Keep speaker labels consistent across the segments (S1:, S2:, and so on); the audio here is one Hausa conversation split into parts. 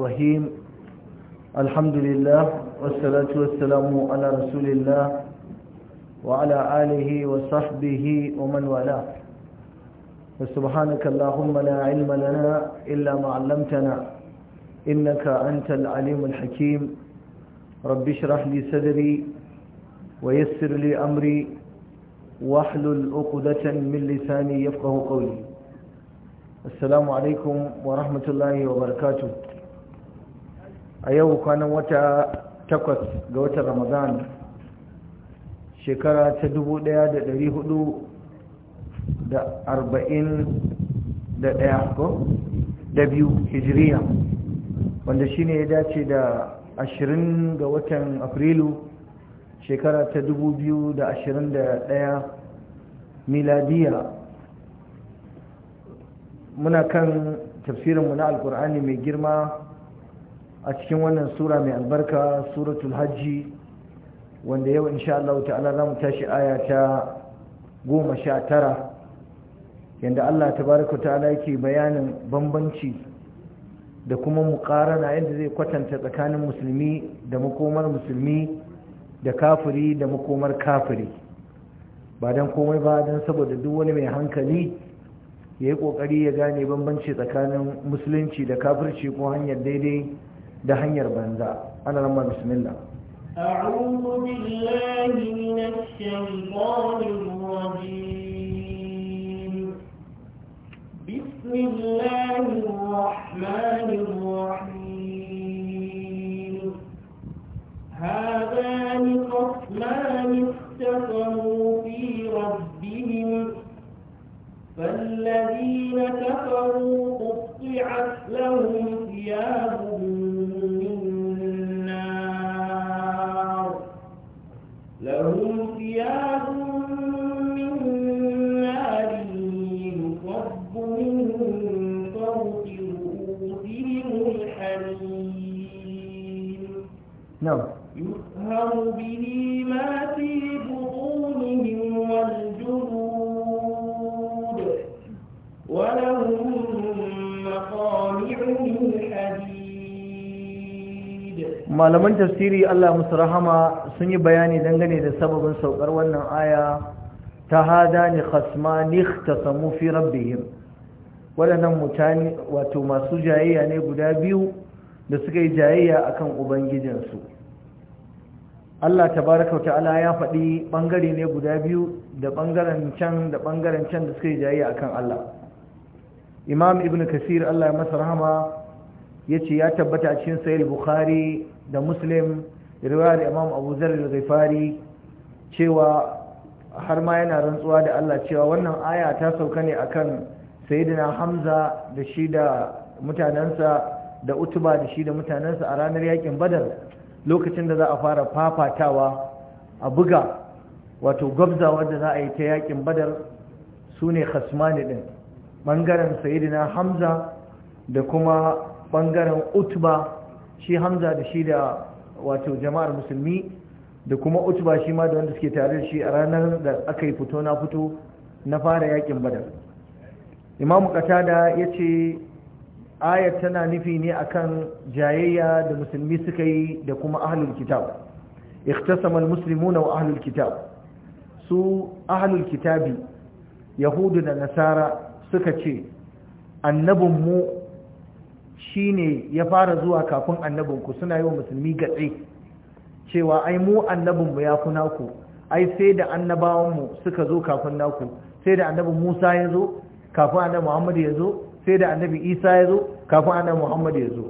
S1: الرحيم الحمد لله والصلاة والسلام على رسول الله وعلى آله وصحبه ومن والاه وسبحانك اللهم لا علم لنا إلا ما علمتنا إنك أنت العليم الحكيم رب اشرح لي صدري ويسر لي أمري واحلل عقدة من لساني يفقه قولي السلام عليكم ورحمة الله وبركاته a yau kwanan wata takwas ga watan ramadan shekara ta dubu daya da dari hudu arba'in daya ko da hijiriya wanda shine ya dace da ashirin ga watan afrilu shekara ta dubu biyu da da daya miladiya muna kan tafsirinmu na alkur'ani mai girma a cikin wannan sura mai albarka suratul hajji wanda yau insha Allah ta'ala za mu tashi aya ta goma sha tara yadda Allah tabaraka ta'ala yake bayanin bambanci da kuma muƙarana yadda zai kwatanta tsakanin musulmi da makomar musulmi da kafiri da makomar kafiri ba don komai ba don saboda duk wani mai hankali ya yi ƙoƙari ya gane bambanci tsakanin musulunci da kafirci ko hanyar daidai ده هنير banza انا لما بسم الله
S2: أعوذ بالله من الشيطان الرجيم بسم الله الرحمن الرحيم هذان قسمان اختصموا في ربهم فالذين كفروا قطعت لهم ثياب
S1: malaman tafsiri Allah musu rahama sun yi bayani dangane da sababin saukar wannan aya ta hada ni khasmani ikhtasamu fi rabbihim waɗannan mutane wato masu jayayya ne guda biyu da suka yi jayayya akan ubangijinsu Allah tabaraka ta'ala ya faɗi ɓangare ne guda biyu da ɓangaren can da ɓangaren can da suka yi jayayya akan Allah Imam Ibn Kasir Allah ya masa rahama ya ce ya tabbata a cikin sahih bukhari da muslim riwayar imam abu zar al cewa har ma yana rantsuwa da Allah cewa wannan aya ta sauka ne akan sayyidina hamza da shi da mutanansa da utuba da shi da mutanansa a ranar yakin badar lokacin da za a fara fafatawa a buga wato gwabzawar da za a yi ta yakin badar su ne khasmani din bangaren sayidina hamza da kuma bangaren utba shi hamza da shi da wato jama'ar musulmi da kuma utba shi ma da wanda suke tare da shi a ranar da aka yi fito na fito na fara yakin badar imamu katada ya ce ayat tana nufi ne akan jayayya da musulmi suka yi da kuma ahalul kitab اختصم wa ahalul kitab su ahlul kitabi yahudu da nasara suka ce annabinmu Shi ne ya fara zuwa kafin annabinku suna yi wa musulmi gatse cewa ai mu annabinmu ya fi naku ai sai da annabawanmu suka zo kafin naku sai da annabin musa ya zo kafin annabin muhammad ya zo sai da annabi isa ya zo kafin annabin muhammad ya zo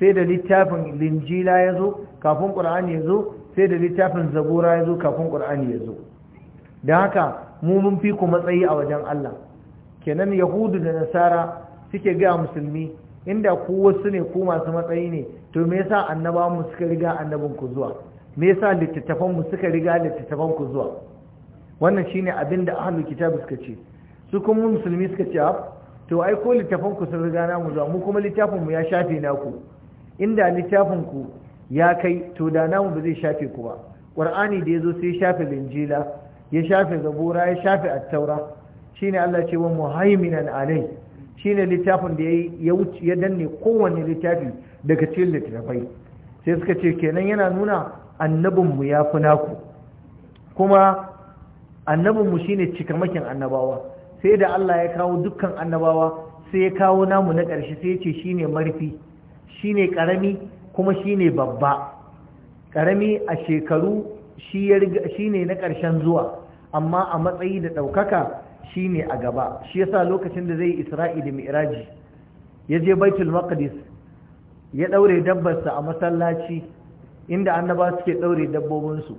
S1: sai da littafin linjila ya zo kafin ƙur'ani ya zo sai da littafin zabura ya zo kafin ƙur'ani ya zo don haka mu mun fi ku matsayi a wajen allah kenan yahudu da nasara suke gaya musulmi inda ku wasu ne ku masu matsayi ne to me yasa annabawan mu suka riga annabin ku zuwa me yasa littattafan mu suka riga littattafan ku zuwa wannan shine abin da ahlu kitab suka ce su kuma musulmi suka ce to ai ko littafan ku sun riga namu zuwa mu kuma littafin mu ya shafe naku inda littafin ku ya kai to da namu ba zai shafe ku ba qur'ani da yazo sai ya shafe linjila ya shafe zabura ya shafe at-taura shine Allah ce wa muhaiminan alai shine littafin da ya wuce ya danne kowane littafi daga cikin littafai sai suka ce kenan yana nuna annabinmu ya fi naku kuma annabinmu shine cikamakin annabawa sai da Allah ya kawo dukkan annabawa sai ya kawo namu na ƙarshe sai ya ce shine marfi shine ƙarami kuma shine babba ƙarami a shekaru shi ne na ƙarshen zuwa amma a matsayi da ɗaukaka Shi ne a gaba shi yasa lokacin da zai isra'i da mi'raji ya je baitul maqdis ya daure dabbarsa a masallaci inda annaba suke daure dabbobinsu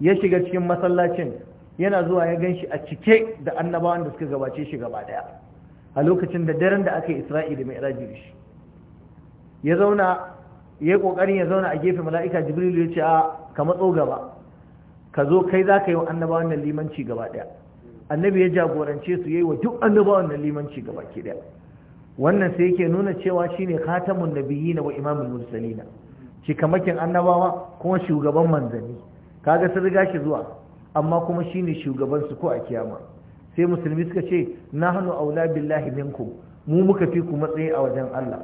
S1: ya shiga cikin masallacin yana zuwa ya ganshi a cike da annabawan da suka gabace shi gaba daya a lokacin da daren da aka yi isra'i da mi'raji da shi ya zauna ya yi ƙoƙarin ya zauna a gefe mala'ika jibrilu ya ce a ka matso gaba ka zo kai za ka yi wa annabawan nan limanci gaba ɗaya. annabi ya jagorance su yayi wa duk annabawan nan limanci gaba ki da wannan sai yake nuna cewa shine khatamun nabiyina wa imamul mursalina cikamakin annabawa kuma shugaban manzanni kaga sun riga shi zuwa amma kuma shine shugaban su ko a kiyama sai musulmi suka ce nahnu aula billahi minkum mu muka fi ku matsayi a wajen Allah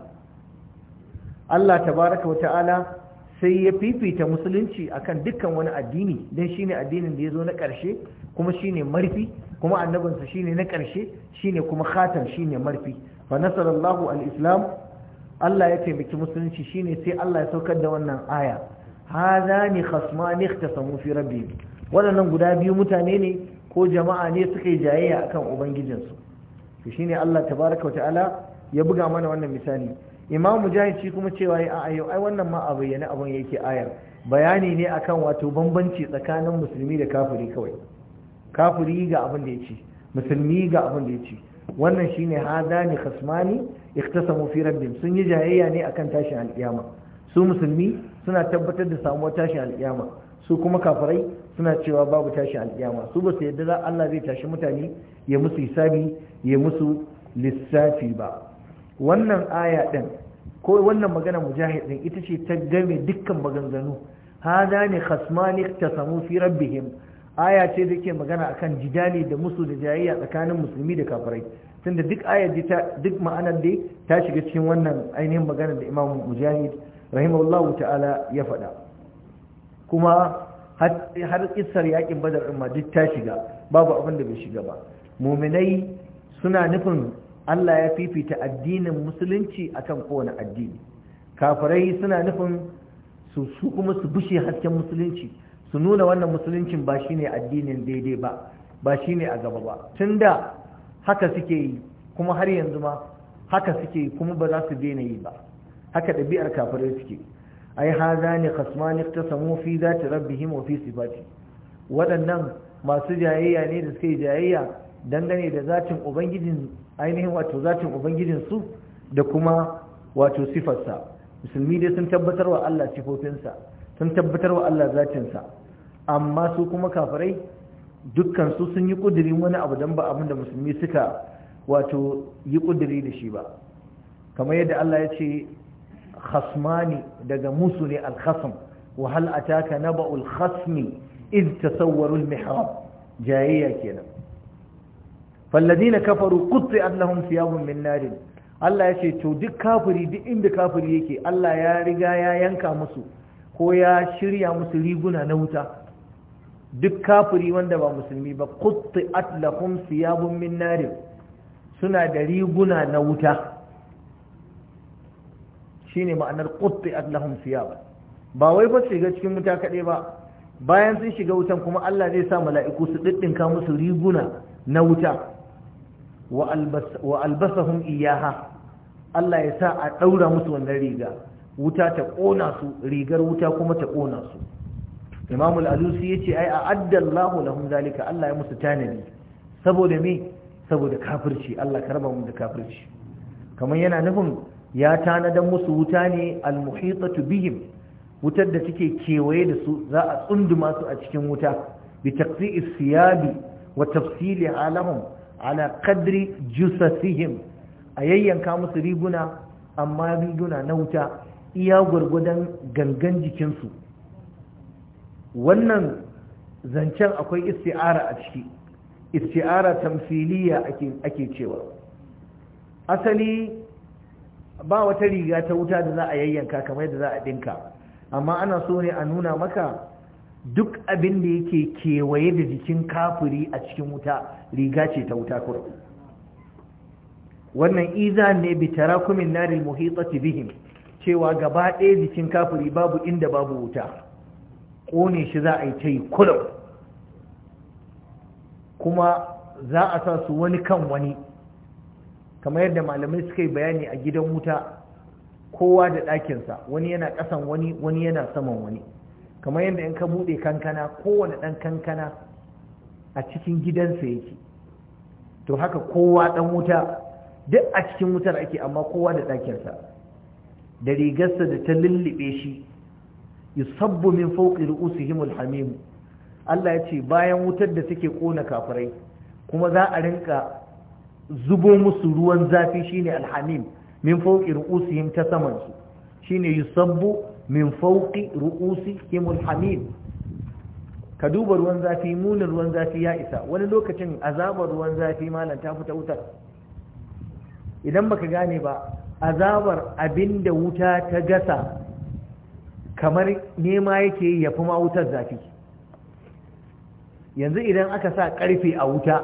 S1: Allah tabaraka wa ta'ala sai ya fifita musulunci akan dukkan wani addini dan shine addinin da ya zo na karshe kuma shine marfi kuma annabinsa ne na ƙarshe ne kuma shi shine marfi Ba nasarallahu al-islam Allah ya taimaki musulunci ne sai Allah ya saukar da wannan aya hadani khasmani ikhtasamu fi rabbihim waɗannan guda biyu mutane ne ko jama'a ne suka yi jayayya akan ubangijinsu to ne Allah tabaraka ta'ala ya buga mana wannan misali imam mu shi kuma cewa ya ayo ai wannan ma a bayyane abin yake ayar bayani ne akan wato bambanci tsakanin musulmi da kafiri kawai kafiri ga abin da ya ce musulmi ga abin da ya ce wannan shine hadani khasmani iktasamu fi rabbihim sun yi jayayya ne akan tashin al'iyama su musulmi suna tabbatar da samuwar tashin alkiyama su kuma kafirai suna cewa babu tashin al'iyama su ba su yadda za Allah zai tashi mutane ya musu hisabi ya musu lissafi ba wannan aya din ko wannan magana mujahid din ita ce ta game dukkan maganganu hada ne khasmani iktasamu fi rabbihim aya ce da ke magana akan jidali da musu da jayayya tsakanin musulmi da kafirai tunda duk ayar duk ma'anar da ta shiga cikin wannan ainihin magana da imam mujahid rahimahullahu ta'ala ya faɗa kuma har kissar yakin badar ma duk ta shiga babu abin da bai shiga ba muminai suna nufin Allah ya fifita addinin musulunci akan kowane addini kafirai suna nufin su kuma su bushe hasken musulunci su nuna wannan musuluncin ba shi ne addinin daidai ba ba shi ne a gaba ba tun da haka suke yi kuma har yanzu ma haka suke yi kuma ba za su daina yi ba haka ɗabi'ar kafirai suke ai haza ne ta samu fi ta rabbi, himo, fi sifati waɗannan masu jayayya ne da suke jayayya dangane da zatin ubangijin ainihin wato zatin ubangijin su da kuma wato sifarsa musulmi dai sun tabbatar wa Allah sifofinsa sun tabbatar wa Allah zatinsa amma su kuma kafirai dukkan su sun yi kudirin wani abu dan ba abin da musulmi suka wato yi kudiri da shi ba kamar yadda Allah ya ce khasmani daga musu ne al wahal a taka na naba'ul khasmi iz tasawwaru al-mihrab jayayya kenan falladina kafaru qutti'at lahum thiyabun min nar Allah ya ce to duk kafiri duk inda kafiri yake Allah ya riga ya yanka musu ko ya shirya musu riguna na wuta duk kafiri wanda ba musulmi ba qutti'at lahum siyabun min nar suna da riguna na wuta shine ma'anar qutti'at lahum siyaban ba wai ba shiga cikin wuta kaɗai ba bayan sun shiga wutan kuma Allah zai sa mala'iku su ɗiɗɗinka musu riguna na wuta wa albasahum iyaha Allah ya sa a ɗaura musu wannan riga wuta ta ƙona su rigar wuta kuma ta ƙona su Imamul al-alusi yace ai a'adda lahu lahum zalika Allah ya musu tanadi saboda me saboda kafirci Allah karba mu da kafirci kamar yana nufin ya tanadan musu wuta ne al-muhitatu bihim wutar da take kewaye da su za a tsunduma su a cikin wuta bi taqsi'is siyabi wa tafsili alahum ala qadri jusasihim a yayyanka musu riguna amma riguna na wuta iya gwargwadon gangan jikinsu wannan zancen akwai isti'ara a ciki isti'ara tamfiliya ake cewa asali ba wata riga ta wuta da za a yayyanka kamar da za a dinka amma ana so ne a nuna maka duk abin da yake kewaye da jikin kafiri a cikin wuta riga ce ta wuta kura wannan iza ne bi tarakumin narin muhitati bihim cewa gaba ɗaya jikin kafiri babu inda babu wuta ƙone shi za a yi ta yi kulau kuma za a sa su wani kan wani kamar yadda malamai suka yi bayani a gidan wuta kowa da ɗakinsa wani yana ƙasan wani wani yana saman wani kamar yadda in ka buɗe kankana kowane ɗan kankana a cikin gidansa yake to haka kowa ɗan wuta duk a cikin wutar ake amma kowa da ɗakinsa da rigarsa da ta lullube shi yusabbu min fawqi ru'usihim hamim Allah ya ce bayan wutar da suke kona kafirai kuma za a rinka zubo musu ruwan zafi shine alhamim min fawqi ru'usihim ta saman su shine yusabbu min fawqi ru'usihim hamim ka duba ruwan zafi munin ruwan zafi ya isa wani lokacin azabar ruwan zafi malam ta fita wutar idan baka gane ba azabar abinda wuta ta gasa kamar nema yake ya fi ma wutar zafi yanzu idan aka sa karfe a wuta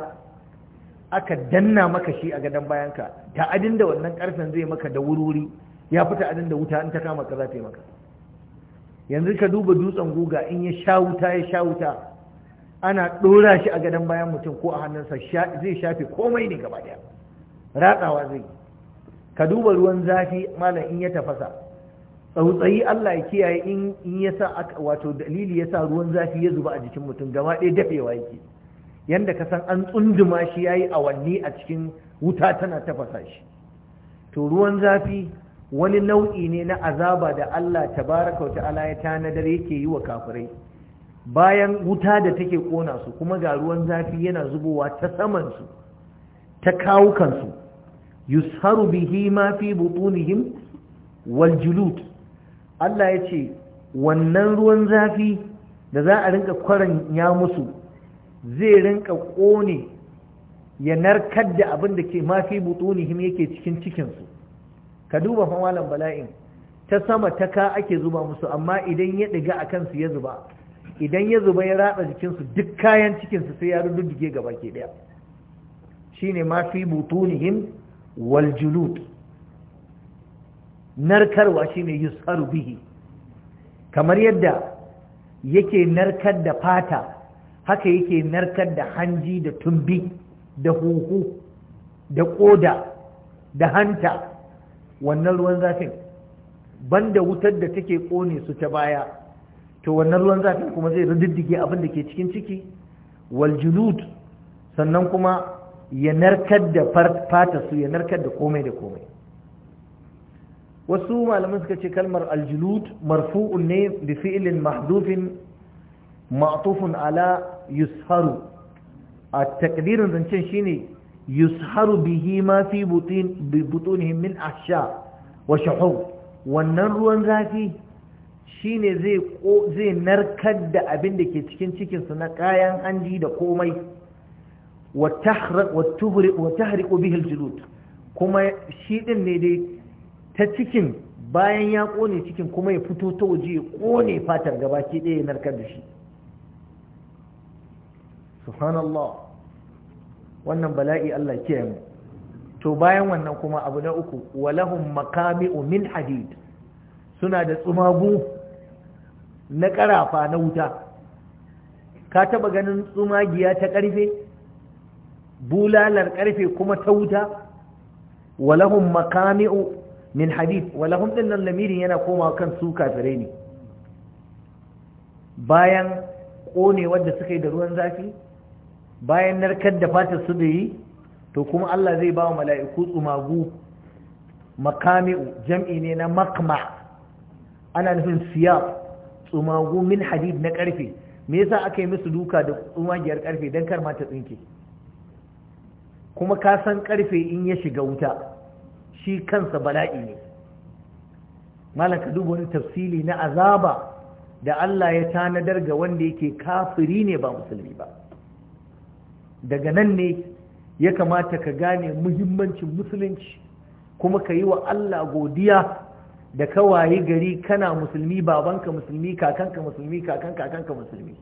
S1: aka danna maka shi a gadon bayanka ta'adin da wannan karfen zai maka da wuri ya fi ta'adin da wuta in ta kama ka zafi maka yanzu ka duba dutsen guga in ya sha wuta ya sha wuta ana ɗora shi a gadon bayan mutum ko a hannunsa zai shafe komai ne gaba ɗaya ratsawa zai ka duba ruwan zafi malam in ya tafasa tsautsayi Allah ya kiyaye in ya sa wato dalili ya sa ruwan zafi ya zuba a jikin mutum gaba ɗaya dafewa yake yanda ka san an tsunduma shi yayi awanni a cikin wuta tana tafasa shi to ruwan zafi wani nau'i ne na azaba da Allah tabaraka wa ta'ala ya tanadar yake yi wa kafirai bayan wuta da take kona su kuma ga ruwan zafi yana zubowa ta saman su ta kawukan su yusharu bihi ma fi butunihim wal julud Allah ya ce wannan ruwan zafi da za a rinka kwaran ya musu zai rinka ƙone ya narkar da abin da ke mafi butunihim yake cikin cikinsu ka duba malam bala'in ta sama ta ka ake zuba musu amma idan ya ɗiga a kansu ya zuba idan ya zuba ya ratsa jikinsu duk kayan cikinsu sai ya rududdige gaba ke ɗaya Shi ne mafi butunihim narkarwa shi shine yusaru bihi kamar yadda yake narkar da fata haka yake narkar da hanji da tumbi da huhu da koda da hanta wannan ruwan zafin banda wutar da take kone su ta baya to wannan ruwan zafin kuma zai rididdige abin da ke cikin ciki wal sannan kuma ya narkar da fata su ya narkar da komai da komai wasu malaman suka ce kalmar aljulud marfu'un ne bi fi'lin mahdufin ma'tufun ala yusharu a takdirin zancen shine yusharu bihi ma fi butin bi butunihim min ahsha wa wannan ruwan zafi shine zai zai narkar da abin da ke cikin cikin su na kayan hanji da komai wa tahriq wa tuhriq wa tahriq bihi aljulud kuma shi din ne dai ta cikin bayan ya ƙone cikin kuma ya fito ta waje ya ƙone fatar ke ɗaya ya narkar da shi subhanallah wannan bala'i Allah ke mu to bayan wannan kuma abu na uku walahun makami min hadid suna da tsumagu na karafa na wuta ka taɓa ganin tsumagiya ta karfe bulalar karfe kuma ta wuta walahun makami'u min hadith walahum din nan lamirin yana koma kan su kafirai ne bayan kone wanda suka yi da ruwan zafi bayan narkar da fatar su da yi to kuma Allah zai ba wa mala'iku tsumagu makami'u jam'i ne na makma ana nufin siyaf, tsumagu min hadid na karfe me yasa aka yi musu duka da tsumagiyar karfe don kar ma ta tsinke kuma ka san karfe in ya shiga wuta shi kansa bala'i ne malam ka duba wani tafsili na azaba da Allah ya tanadar ga wanda yake kafiri ne ba musulmi ba daga nan ne ya kamata ka gane muhimmancin musulunci kuma ka yi wa Allah godiya da kawaye gari kana musulmi babanka musulmi kakanka musulmi kakan kakanka musulmi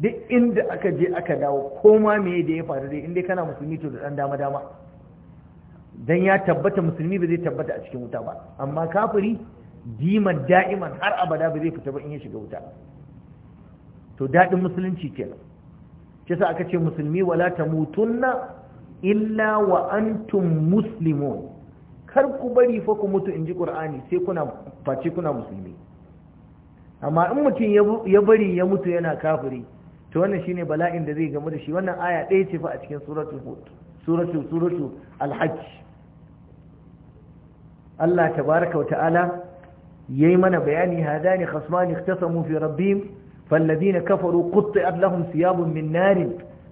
S1: duk inda aka je aka dawo koma me da ya faru dai inda kana musulmi to da dan dama dama dan ya tabbata musulmi ba zai tabbata a cikin wuta ba amma kafiri diman da'iman har abada ba zai fita ba in ya shiga wuta to daɗin musulunci kenan shi sa aka ce musulmi wala tamutunna illa wa antum muslimun kar ku bari fa ku mutu in ji qur'ani sai kuna face kuna musulmi amma in mutum ya bari ya mutu yana kafiri to wannan shine bala'in da zai gamu da shi wannan aya ɗaya ce fa a cikin suratul suratul suratul alhajj Allah tabaraka wa ta'ala yayi mana bayani hadani khasman ikhtasamu fi rabbihim falladhina kafaru qutti'at lahum thiyabun min nar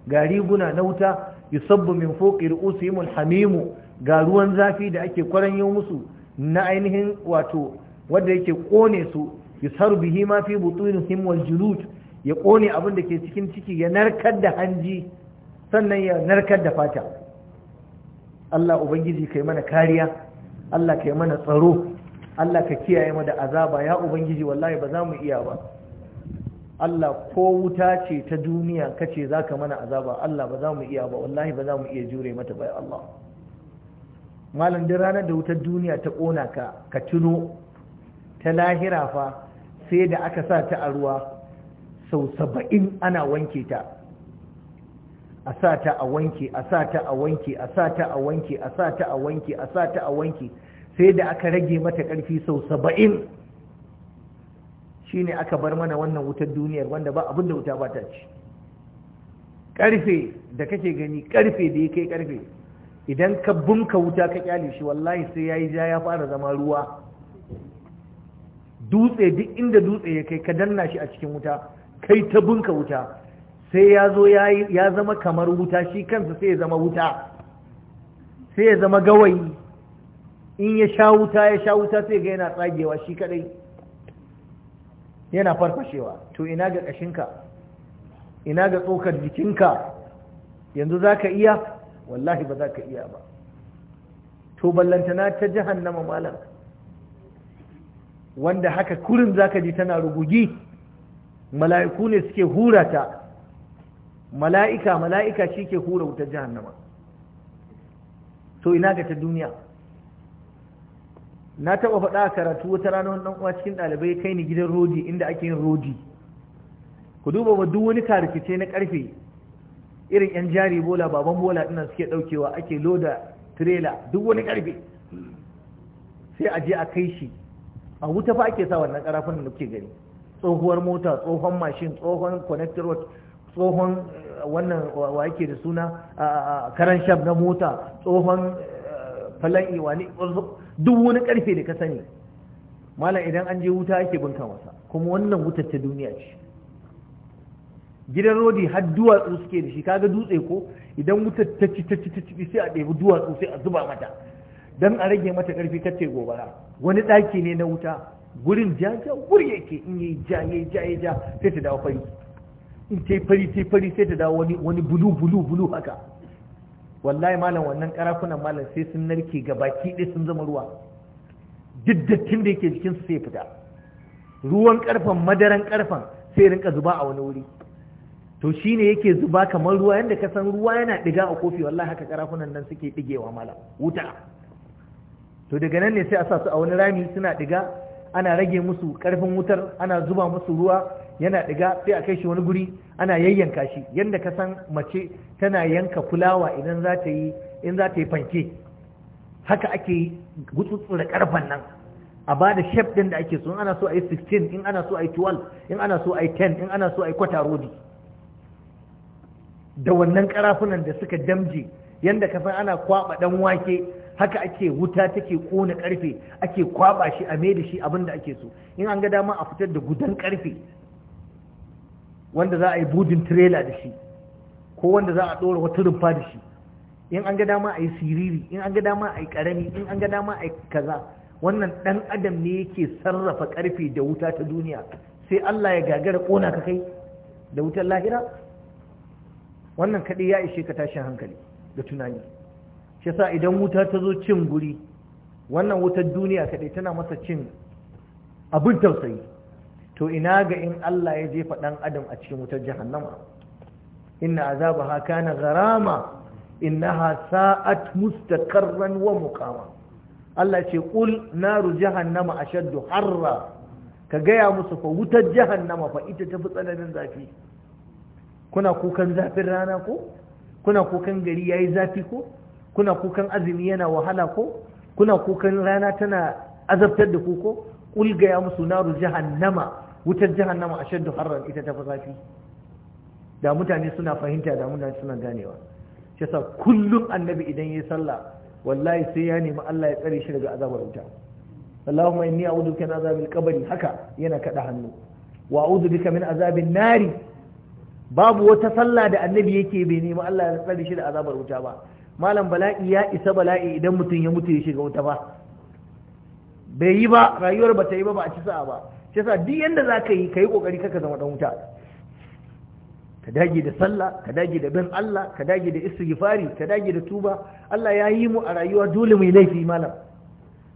S1: gariguna nauta yusabbu min fawqi ru'usihim alhamim ga ruwan zafi da ake kwaranyo musu na ainihin wato wanda yake kone su yusar bihi ma fi butunihim wal ya kone abin da ke cikin ciki ya narkar da hanji sannan ya narkar da fata Allah ubangiji kai mana kariya Allah ka yi mana tsaro Allah ka kiyaye mu da azaba ya ubangiji wallahi ba za mu iya ba Allah ko wuta ce ta duniya kace zaka mana azaba Allah ba za mu iya ba wallahi ba za mu iya jure mata ba Allah malam da ranar da wutar duniya ta kona ka ka tuno ta lahira fa sai da aka sa ta a ruwa sau saba'in ana wanke ta a sa ta a wanke a sa ta a wanke a sa ta a wanke a sa ta a wanke a sa ta a wanke sai da aka rage mata ƙarfi sau saba'in shine aka bar mana wannan wutar duniyar wanda ba abin da wuta ba ta ci ƙarfe da kake gani ƙarfe da ya kai ƙarfe idan ka bunka wuta ka kyale shi wallahi sai ya yi ja ya fara zama ruwa dutse duk inda dutse ya kai ka danna shi a cikin wuta kai ta bunka wuta sai ya zo ya zama kamar wuta shi kansa sai ya zama wuta sai ya zama gawayi in ya sha wuta ya sha wuta sai ga yana tsagewa shi kadai yana farfashewa to ina ga kashinka ina ga tsokar jikinka yanzu za ka iya wallahi ba za ka iya ba to ballantana ta jahannama malam wanda haka kurin za ka ji tana rugugi mala'iku ne suke hurata mala'ika mala'ika shi ke hura wuta jahannama to ina ga ta duniya na taɓa faɗa a karatu wata rana wani ɗan uwa cikin ɗalibai kai ni gidan rodi inda ake yin rodi ku duba ba duk wani karikice na karfe irin yan jari bola baban bola dinnan suke ɗaukewa ake loda tirela duk wani ƙarfe sai a je a kai shi a wuta fa ake sa wannan ƙarafin da muke gani tsohuwar mota tsohon mashin tsohon connector tsohon wannan wa yake da suna karan shab na mota tsohon eh, falan iwani duk wani karfe da ka sani malam idan an je wuta yake binka masa kuma wannan wutar ta duniya ce gidan rodi har duwatsu suke da shi kaga dutse ko idan wutar ta ci ta ci ta ci sai a ɗebi duwatsu sai a zuba mata dan a rage mata karfi kace gobara wani ɗaki ne na wuta gurin jaja wuri yake in yi ja ya ja ya ja sai ta dawo fari in ta fari ta fari sai ta dawo wani wani bulu bulu bulu haka wallahi malam wannan karafunan malam sai sun narke gabaki ɗaya sun zama ruwa duk da yake jikin su sai fita ruwan karfan madaran karfan sai rinka zuba a wani wuri to shine yake zuba kamar ruwa yanda ka san ruwa yana diga a kofi wallahi haka karafunan nan suke digewa malam wuta to daga nan ne sai a sa su a wani rami suna diga ana rage musu karfin wutar ana zuba musu ruwa yana ɗiga sai a kai shi wani guri ana yayyanka shi yadda ka san mace tana yanka fulawa idan za ta yi in za ta yi fanke haka ake gutsutsura karfan nan a ba da shef ɗin da ake so in ana so a yi 16 in ana so a yi 12 in ana so a yi 10 in ana so a yi kwata rodi da wannan karafunan da suka damje yadda ka san ana kwaba dan wake haka ake wuta take kona karfe ake kwaba shi a mai da shi abin da ake so in an ga dama a fitar da gudan karfe wanda za a yi budin tirela da shi ko wanda za a ɗora wata rumfa da shi in an ga dama a yi siriri in an ga dama a yi ƙarami in an ga dama a yi kaza wannan ɗan adam ne yake sarrafa ƙarfe da wuta ta duniya sai Allah ya gagara ƙona ka kai da wutar lahira wannan kaɗai ya ishe ka tashin hankali da tunani shi sa idan wuta ta zo cin guri wannan wutar duniya kaɗai tana masa cin abin tausayi to ina ga in Allah ya jefa dan adam a cikin wutar jahannama inna azabaha kana gharama innaha sa'at mustaqarran wa muqama Allah ce kul naru jahannama ashaddu harra ka gaya musu fa wutar jahannama fa ita tafi tsananin zafi kuna kukan zafin rana ko kuna kukan gari yayi zafi ko kuna kukan azumi yana wahala ko kuna kukan rana tana azabtar da ku ko kul gaya musu naru jahannama wutar jahannama ashaddu harran ita ta fasafi da mutane suna fahimta da mutane suna ganewa shi yasa kullum annabi idan yayi sallah wallahi sai ya nemi Allah ya tsare shi daga azabar wuta Allahumma inni a'udhu bika min azabil qabri haka yana kada hannu wa a'udhu bika min azabin nari babu wata sallah da annabi yake bai nemi Allah ya tsare shi da azabar wuta ba malam bala'i ya isa bala'i idan mutum ya mutu ya shiga wuta ba bai yi ba rayuwar ba ta yi ba ba a ci sa'a ba shi sa duk yadda za ka yi ka yi ƙoƙari kaka zama ɗan wuta ka dage da sallah ka dage da bin Allah ka dage da istighfari ka dage da tuba Allah ya yi mu a rayuwa dole mu yi laifi malam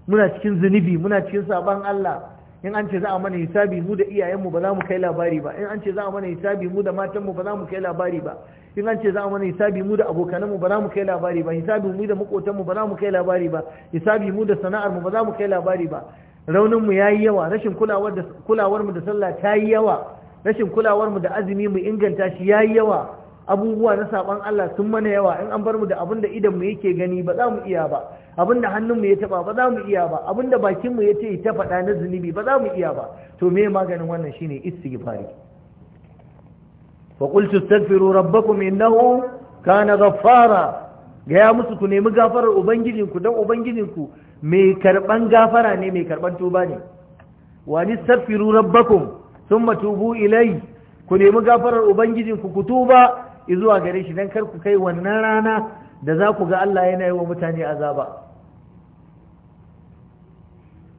S1: muna cikin zunubi muna cikin saban Allah in an ce za a mana hisabi mu da iyayenmu ba za mu kai labari ba in an ce za a mana hisabi mu da matanmu ba za mu kai labari ba in an ce za a mana hisabi mu da abokananmu ba za mu kai labari ba hisabi mu da makotanmu ba za mu kai labari ba hisabi mu da sana'armu ba za mu kai labari ba rauninmu ya yi yawa rashin kulawarmu da sallah ta yi yawa rashin kulawarmu da azumi mu inganta shi ya yi yawa abubuwa na saban Allah sun mana yawa in an bar mu da abin da idanmu yake gani ba za mu iya ba abin da hannunmu ya taba ba za mu iya ba abin da bakinmu ya ce ta faɗa na zunubi ba za mu iya ba to me maganin wannan shine istighfari fa qultu astaghfiru rabbakum innahu kana ghaffara ga ya musu ku nemi gafarar ubangijinku dan ubangijinku mai karɓan gafara ne mai karban tuba ne Wani safiru rabbakum thumma tubu ilai ku nemi gafarar ubangijin ku tuba zuwa gare shi dan kar ku kai wannan rana da za ku ga Allah yana yi wa mutane azaba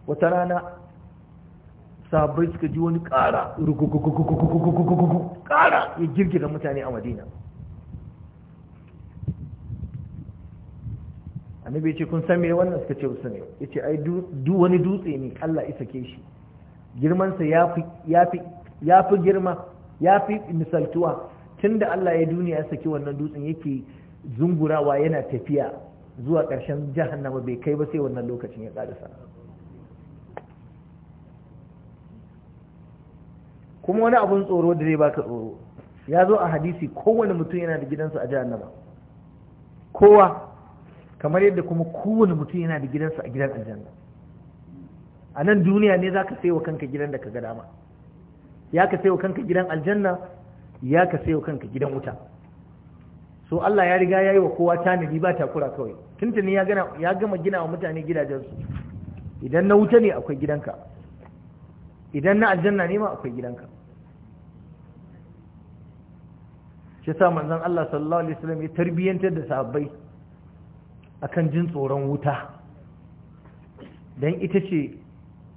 S1: wata rana sabai suka ji wani ƙara ƙara ya girgiza mutane a madina annabi ce kun san me wannan suka ce su ne yace ai du wani dutse ne Allah isa ke shi girmansa ya fi girma ya fi misaltuwa Tunda Allah ya duniya ya saki wannan dutsen yake zungurawa yana tafiya zuwa ƙarshen jahannama bai kai ba sai wannan lokacin ya ƙarisa kuma wani abun tsoro da zai baka tsoro ya zo a hadisi kowane mutum yana da gidansa a jahannama kowa kamar yadda kuma kowane mutum yana da gidansa a gidan aljanna a nan duniya ne za ka sai wa kanka gidan da ka ga dama ya ka sai wa kanka gidan aljanna ya ka sai wa kanka gidan wuta so Allah ya riga ya yi wa kowa tanadi ba takura kawai tuntuni ya gama gina wa mutane gidajensu idan na wuta ne akwai gidanka idan na aljanna ne ma akwai gidanka shi sa manzon Allah sallallahu alaihi wasallam ya tarbiyyantar da sahabbai akan jin tsoron wuta don ita ce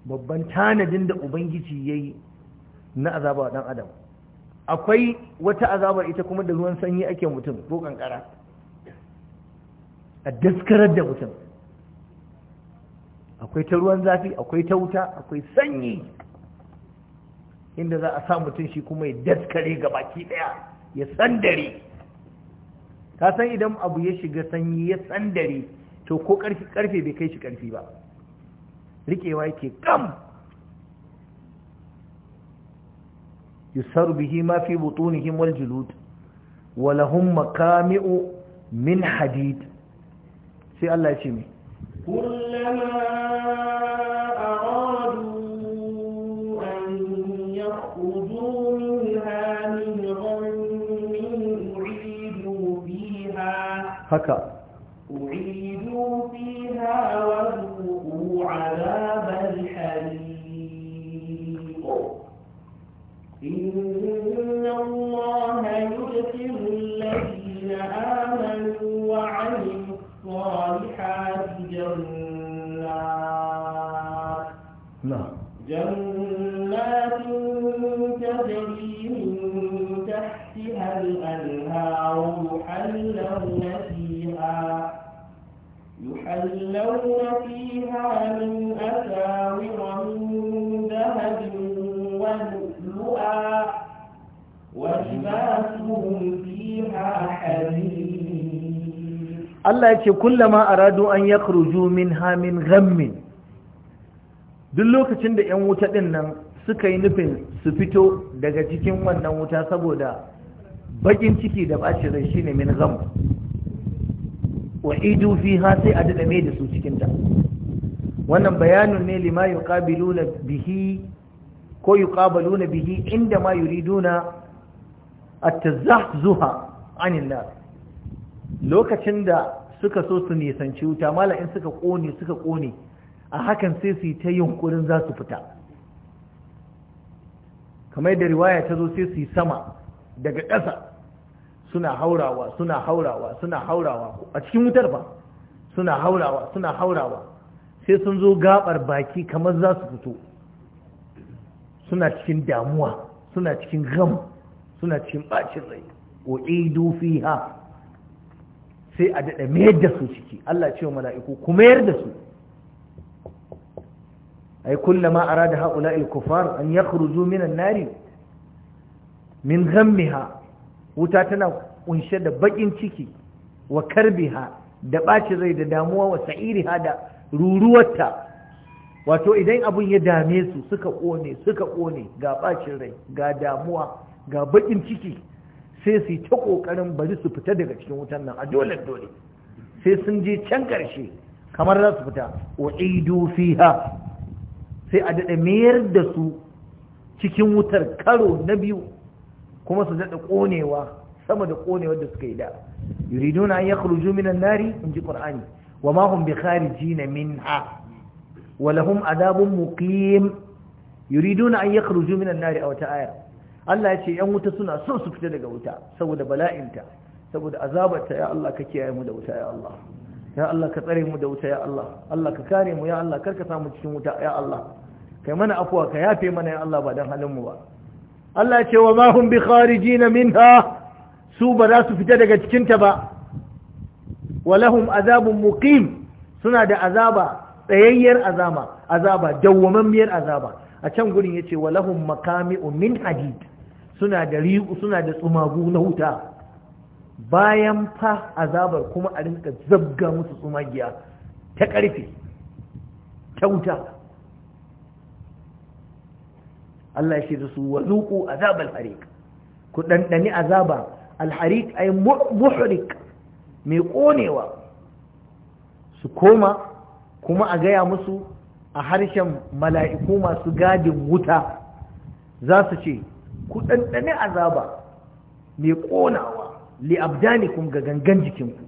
S1: babban tanadin da ubangiji ya yi na azaba dan adam akwai wata azabar ita kuma da ruwan sanyi ake mutum ko kankara a daskarar da mutum akwai ta ruwan zafi akwai ta wuta akwai sanyi inda za a sa mutum shi kuma ya daskare ga baki daya ya sandare ka san idan abu ya shiga sanyi ya tsandare to ko karfi karfe bai kai shi karfi ba rikewa yake kam yusaru bihi ma fi butunihim wal julud wa lahum makami'u min hadid sai Allah ya ce mai
S2: kullama haka أعيدوا فيها وذوقوا عذاب الحريق إن الله يدخل الذين آمنوا وعملوا الصالحات جنات نعم جنات تجري من تحتها الأنهار allah فيها من أساور من ذهب ولؤلؤا ولباسهم فيها حرير
S1: الله يقول an duk lokacin da 'yan wuta ɗin nan suka yi nufin su fito daga cikin wannan wuta saboda baƙin ciki da ɓacin rai shine min gam wa idu fiha sai a dada mai da su cikin ta wannan bayanin ne lima yuqabiluna bihi ko yuqabaluna bihi inda ma yuriduna at-tazahzuha anil lokacin da suka so su nisanci wuta mala suka kone suka kone a hakan sai su yi ta yin kurin za su fita kamar da riwaya ta zo sai su yi sama daga ƙasa suna haurawa suna haurawa suna haurawa a cikin wutar ba suna haurawa suna haurawa sai sun zo gabar baki kamar za su fito suna cikin damuwa suna cikin gam suna cikin bacin rai idu fiha sai a dada mayar da su ciki Allah ce wa mala'iku ku mayar da su ai kullama arada ha'ula'il kufar an yakhruju minan nari min ghammiha wuta tana kunshe da bakin ciki wa karbi ha da bacin rai da damuwa wa sa'iri ha da ruruwarta wato idan abin ya dame su suka kone suka kone ga bacin rai ga damuwa ga bakin ciki sai su yi ta kokarin bari su fita daga cikin wutan nan a dole dole sai sun je can karshe kamar za su fita wa idu fiha sai a daɗa mayar da su cikin wutar karo na biyu kuma su daɗa ƙonewa sama da ƙonewar da suka yi da yuriduna an yakhruju minan nari in ji qur'ani wa ma hum bikharijina min ha. Walahun adabun muqim yuriduna an yakhruju minan nari wata ta'aya Allah ya ce yan wuta suna son su fita daga wuta saboda bala'inta saboda azabarta ya Allah ka kiyaye mu da wuta ya Allah ya Allah ka tsare mu da wuta ya Allah Allah ka kare mu ya Allah karka samu cikin wuta ya Allah kai mana afuwa ka yafe mana ya Allah ba dan halin mu ba Allah ce wa mahun bi kharijina minha su ba za su fita daga cikinta ba walahum azabun muqim suna da azaba tsayayyar azaba azaba dawwamammiyar azaba a can gurin yace walahum makami min hadid suna da riqu suna da tsumagu na wuta bayan fa azabar kuma a rinka zabga musu tsumagiya ta karfe ta wuta Allah ya ce da su wazuku azabal hariq ku dandani azaba al hariq ay muhriq mai konewa su koma kuma a gaya musu a harshen mala'iku masu gadin wuta za su ce ku dandani azaba mai konawa li abdanikum ga gangan jikinku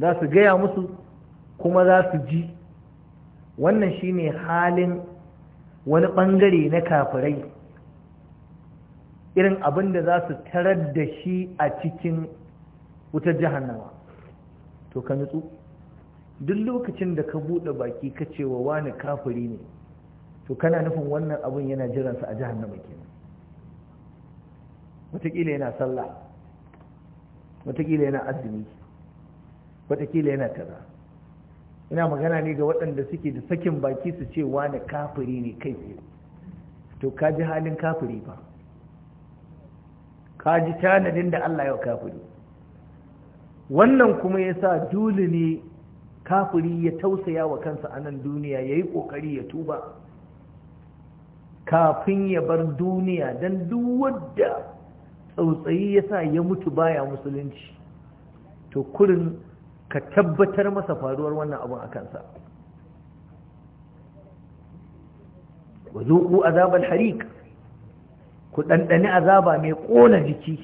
S1: za su gaya musu kuma za su ji wannan shine halin wani ɓangare na kafirai irin abin da za su tarar da shi a cikin wutar jahannama to ka nutsu duk lokacin da ka buɗe baki ka ce wani kafiri ne to kana nufin wannan abin yana jiransa a jahannama kenan wataƙila yana sallah wataƙila yana azumi wataƙila yana kaza ina magana ne ga waɗanda suke da sakin baki su ce wani kafiri ne kai tsaye to ka ji halin kafiri ba ka ji tanadin da Allah yau kafiri wannan kuma ya sa dole ne kafiri ya tausaya wa kansa a nan duniya ya yi ƙoƙari ya tuba kafin ya bar duniya don duk wadda tsautsayi ya sa ya mutu baya musulunci to kurin ka tabbatar masa faruwar wannan abun a kansa wa azabal harik ku ɗanɗani azaba mai ƙona jiki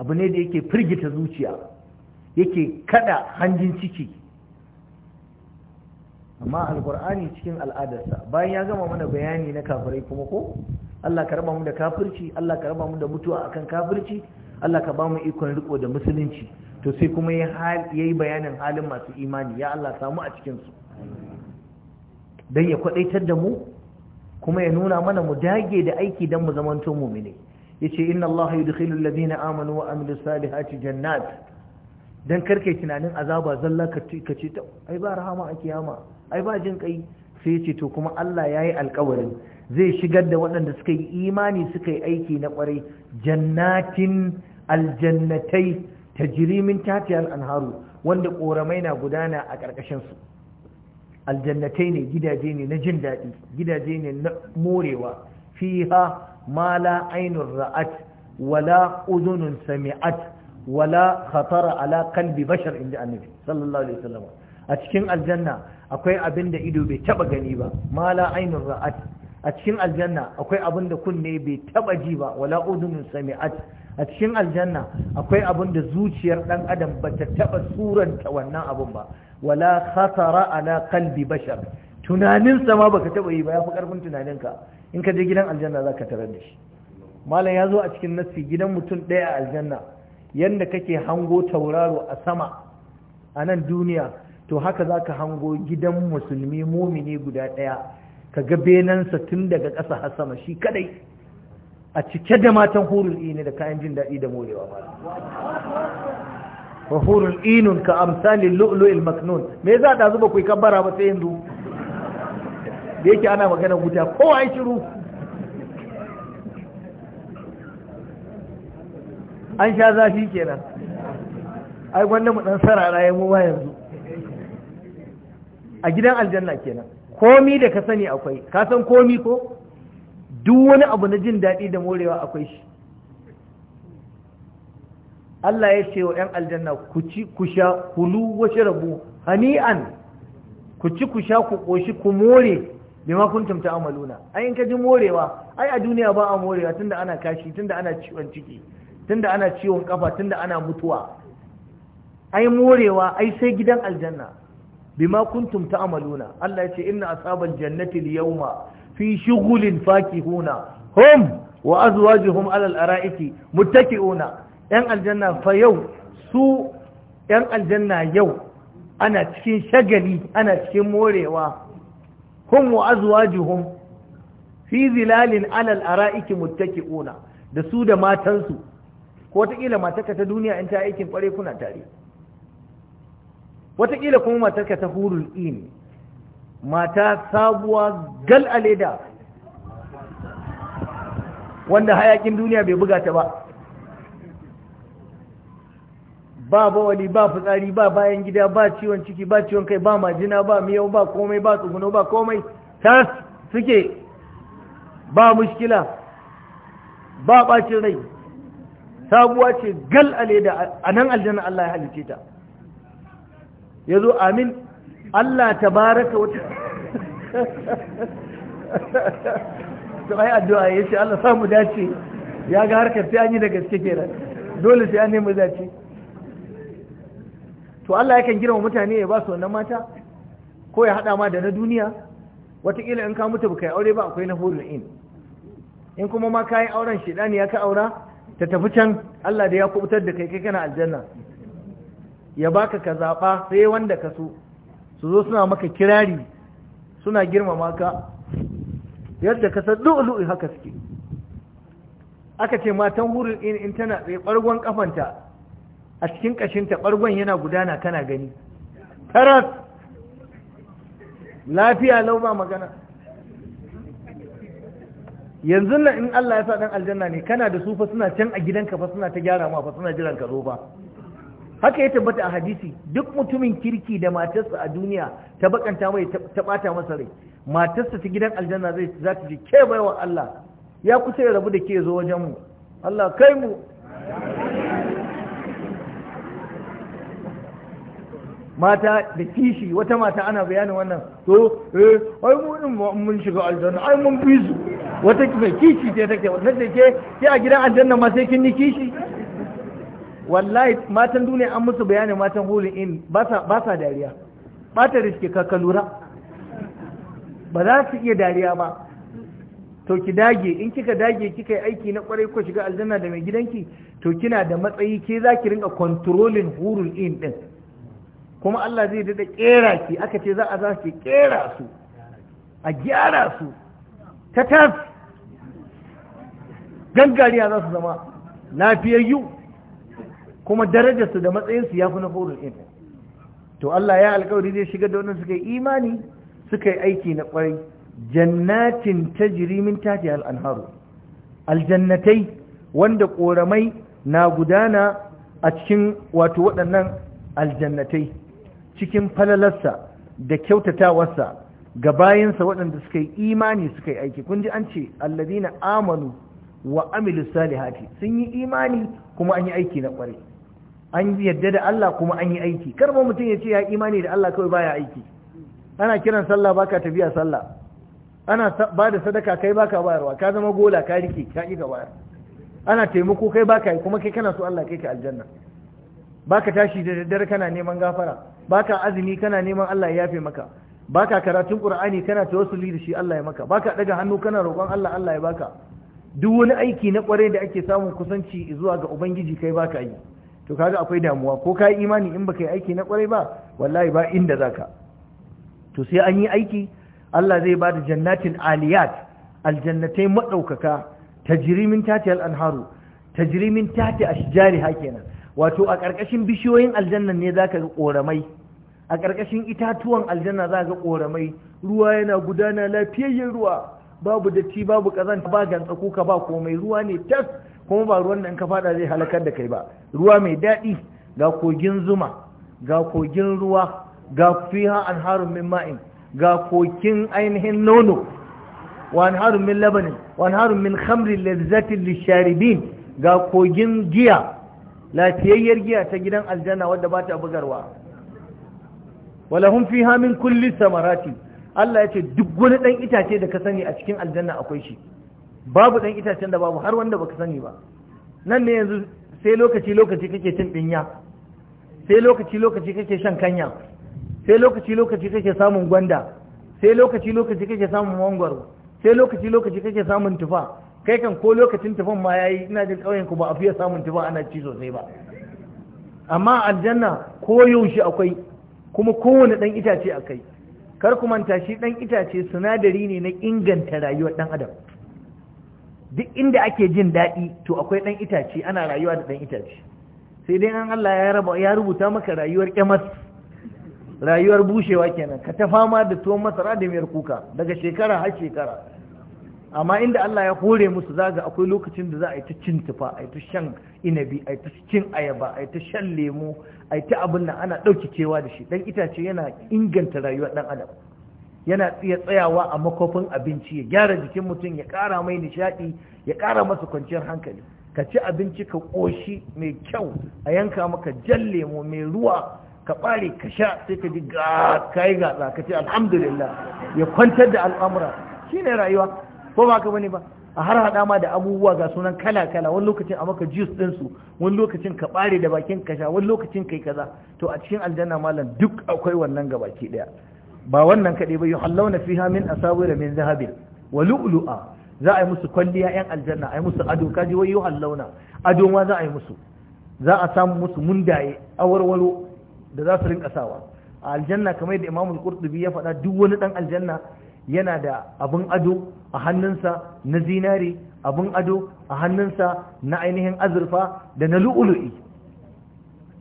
S1: abu ne da yake firgita zuciya yake kada hanjin ciki amma alkur'ani cikin al'adarsa bayan ya gama mana bayani na kafirai kuma ko Allah ka raba mu da kafirci Allah ka raba mu da mutuwa akan kafirci Allah ka ba mu ikon riko da musulunci to sai kuma ya yi bayanin halin masu imani ya Allah samu a cikinsu don ya kwadaitar da mu kuma ya nuna mana mu dage da aiki don mu zamanto mumine ya ce inna Allah ya dukkan lalazina amanu wa amilu salihati jannat don karkai tunanin azaba zalla ka ce ta ai ba rahama a kiyama ai ba jin kai sai ya ce to kuma Allah ya yi alkawarin zai shigar da waɗanda suka yi imani suka yi aiki na ƙwarai jannatin aljannatai Tajirimin min anharu wanda ƙoramai na gudana a ƙarƙashinsu aljannatai ne gidaje ne na jin daɗi gidaje ne na morewa fiha ma ainur ra'at wala uzunin sami'at wala khatara ala kalbi bashar inda annabi sallallahu alaihi wasallam a cikin aljanna akwai abin da ido bai taba gani ba ma la ainur ra'at a cikin aljanna akwai abin da kunne bai taba ji ba wala udunun sami'at a cikin aljanna akwai abin da zuciyar dan adam ba ta taba suranta wannan abin ba wala khatara ala qalbi bashar Tunanin sa ma baka taba yi ba yafi karfin tunaninka in ka je gidan aljanna zaka tarar da shi malam ya zo a cikin nassi gidan mutum ɗaya a aljanna yanda kake hango tauraro a sama a nan duniya to haka zaka hango gidan musulmi mumini guda ɗaya ka ga benansa tun daga ƙasa har sama shi kadai a cike da matan hurul ini da kayan jin daɗi da morewa ba wa hurul inun ka amsalin lu'lu'il maknun me za ta zuba ku kabbara ba sai yanzu da yake ana magana wuta ko ai shiru an sha zafi kenan ai gwanda mu dan sarara ya mu yanzu a gidan aljanna kenan komi da ka sani akwai ka san komi ko duk wani abu na jin daɗi da morewa akwai shi Allah ya ce wa ‘yan aljanna ku ci ku sha kulu washe rabu hani'an ku ci ku sha ku ƙoshi ku more ma kuntum ta'amaluna ai in ka ji morewa ai a duniya ba a morewa tunda ana kashi tunda ana ciwon ciki tunda ana ciwon kafa tunda ana mutuwa ai morewa ai sai gidan aljanna bima kuntum ta'maluna Allah yace, ce inna ashabal jannati al-yawma fi shughulin fakihuna hum wa azwajuhum ala al-ara'iki muttaki'una yan aljanna fa yau su yan aljanna yau ana cikin shagali ana cikin morewa hum wa azwajuhum fi zilalin ala al-ara'iki muttaki'una da su da matansu ko ta kila mataka ta duniya in ta aikin kware kuna tare wataƙila kuma matarka ta hurul in mata sabuwa gal a leda wanda hayakin duniya bai buga ta ba ba bawali ba fitsari ba bayan gida ba ciwon ciki ba ciwon kai ba majina ba miyau ba komai ba tsuguno ba komai ta suke ba mushkila ba bacin rai sabuwa ce gal a leda a nan aljanna Allah ya halice ta ya zo amin Allah ta baraka wata sai addu'a ya ce Allah samu dace ya ga harkar sai an yi da gaske kera, dole sai an nemi dace to Allah yakan girma mutane ya ba su wannan mata ko ya haɗa ma da na duniya watakila in ka mutu baka yi aure ba akwai na hulun in in kuma ma ka yi auren shidani ya ka aura ta tafi can Allah da ya kubutar da kai kai kana aljanna ya baka ka zaɓa sai wanda ka so su zo suna maka kirari suna girmama ka yadda ka san du'u haka suke aka ce matan hurin in in tana tsaye ɓargon kafanta a cikin ƙashinta ɓargon yana gudana kana gani taras lafiya lau ba magana yanzu nan in Allah ya sa dan aljanna ne kana da su fa suna can a gidanka fa suna ta gyara ma fa suna jiran ka zo fa haka ya tabbata a hadisi duk mutumin kirki da matarsa a duniya ta bakanta mai ta bata masa rai matarsa ta gidan aljanna zai za ta ji ke baiwa Allah ya kusa ya rabu da ke zo wajen mu Allah kai mu mata da kishi wata mata ana bayanin wannan to eh ai mu din mun shiga aljanna ai mun bizu wata kishi ce take wannan ce ke a gidan aljanna ma sai kin ni kishi wallahi matan duniya an musu bayanin matan holy in ba sa dariya ba ta riske ka lura ba za su iya dariya ba to ki dage in kika dage kika yi aiki na kwarai ko shiga aljanna da mai gidanki to kina da matsayi ke za ki rinka controlling hurul in din kuma Allah zai dada kera ki aka ce za a za ki kera su a gyara su ta tas gangariya za su zama lafiyayyu kuma darajarsu da matsayinsu ya fi na hurul ilm to Allah ya alkawari zai shiga da wannan suka yi imani suka yi aiki na ƙwarai. jannatin ta jirimin tahtiha al aljannatai wanda koramai na gudana a cikin wato waɗannan aljannatai cikin falalarsa da kyautatawarsa ga bayansa waɗanda suka yi imani suka yi aiki kun ji an ce alladina amanu wa amilu salihati sun yi imani kuma an yi aiki na ƙwarai. an yadda da Allah kuma an yi aiki kar mutum ya ce ya imani da Allah kawai baya aiki ana kiran sallah baka tafiya sallah ana ba da sadaka kai baka bayarwa ka zama gola ka rike ka ƙi bayar ana taimako kai baka yi kuma kai kana so Allah kai ka aljanna baka tashi da daddare kana neman gafara baka azumi kana neman Allah ya yafe maka baka karatun Qur'ani kana tawassuli da shi Allah ya maka baka daga hannu kana roƙon Allah Allah ya baka duk wani aiki na kware da ake samun kusanci zuwa ga ubangiji kai baka yi to kaga akwai damuwa ko ka yi imani in baka yi aiki na kwarai ba wallahi ba inda zaka to sai an yi aiki Allah zai bada jannatin aliyat aljannatai madaukaka tajri min tati al-anharu tajri min tati ashjariha kenan wato a ƙarƙashin bishiyoyin aljanna ne zaka ga koramai a ƙarƙashin itatuwan aljanna zaka ga koramai ruwa yana gudana lafiyayyen ruwa babu datti babu kazanta ba gantsa kuka ba komai ruwa ne tas kuma ba ruwan da in ka fada zai halakar da kai ba ruwa mai daɗi ga kogin zuma ga kogin ruwa ga fiha anharun min ma'in ga kokin ainihin nono wa anharun min labanin wa anharun min khamrin lazzatin lisharibin ga kogin giya lafiyayyar giya ta gidan aljanna wadda ba ta bugarwa walahum fiha min kulli samarati Allah ya ce duk wani ɗan itace da ka sani a cikin aljanna akwai shi babu ɗan itacen da babu har wanda baka sani ba nan ne yanzu sai lokaci lokaci kake cin ɗinya sai lokaci lokaci kake shan kanya sai lokaci lokaci kake samun gwanda sai lokaci lokaci kake samun mangwaro sai lokaci lokaci kake samun tufa kai kan ko lokacin tufan ma yayi ina jin ƙauyen ku ba a fiye samun tufa ana ci sosai ba amma aljanna ko yaushe akwai kuma kowane ɗan itace akai kar ku manta shi ɗan itace sinadari ne na inganta rayuwar ɗan adam duk inda ake jin daɗi to akwai ɗan itace ana rayuwa da ɗan itace sai dai an Allah ya rubuta maka rayuwar ƙyamas rayuwar bushewa kenan ka ta fama da tuwon masara da miyar kuka daga shekara har shekara amma inda Allah ya hore musu zaga akwai lokacin da za a yi ta cin tufa a yi ta shan inabi a yi ta cin ayaba a yi ta shan lemo a yi ta abin nan ana ɗauki cewa da shi ɗan itace yana inganta rayuwar ɗan adam yana iya tsayawa a makofin abinci ya gyara jikin mutum ya kara mai nishaɗi ya kara masa kwanciyar hankali ka ci abinci ka ƙoshi mai kyau a yanka maka jan lemo mai ruwa ka ɓare ka sha sai ka ji ga yi gatsa ka ce alhamdulillah ya kwantar da al'amura shine rayuwa ko ba ka bane ba a har haɗa ma da abubuwa ga sunan kala kala wani lokacin a maka juice ɗinsu wani lokacin ka ɓare da bakin ka sha wani lokacin kai kaza to a cikin aljanna malam duk akwai wannan gabaki ɗaya ba wannan kaɗai ba yuhallawna fiha min asawira min zahabin wa lu'lu'a za a yi musu kwalliya yan aljanna a yi musu ado kaji wai yuhallawna ado ma za a yi musu za a samu musu mundaye awarwaro da za su rinka sawa a aljanna kamar yadda Imam al ya faɗa duk wani dan aljanna yana da abin ado a hannunsa na zinari abin ado a hannunsa na ainihin azurfa da na lu'ulu'i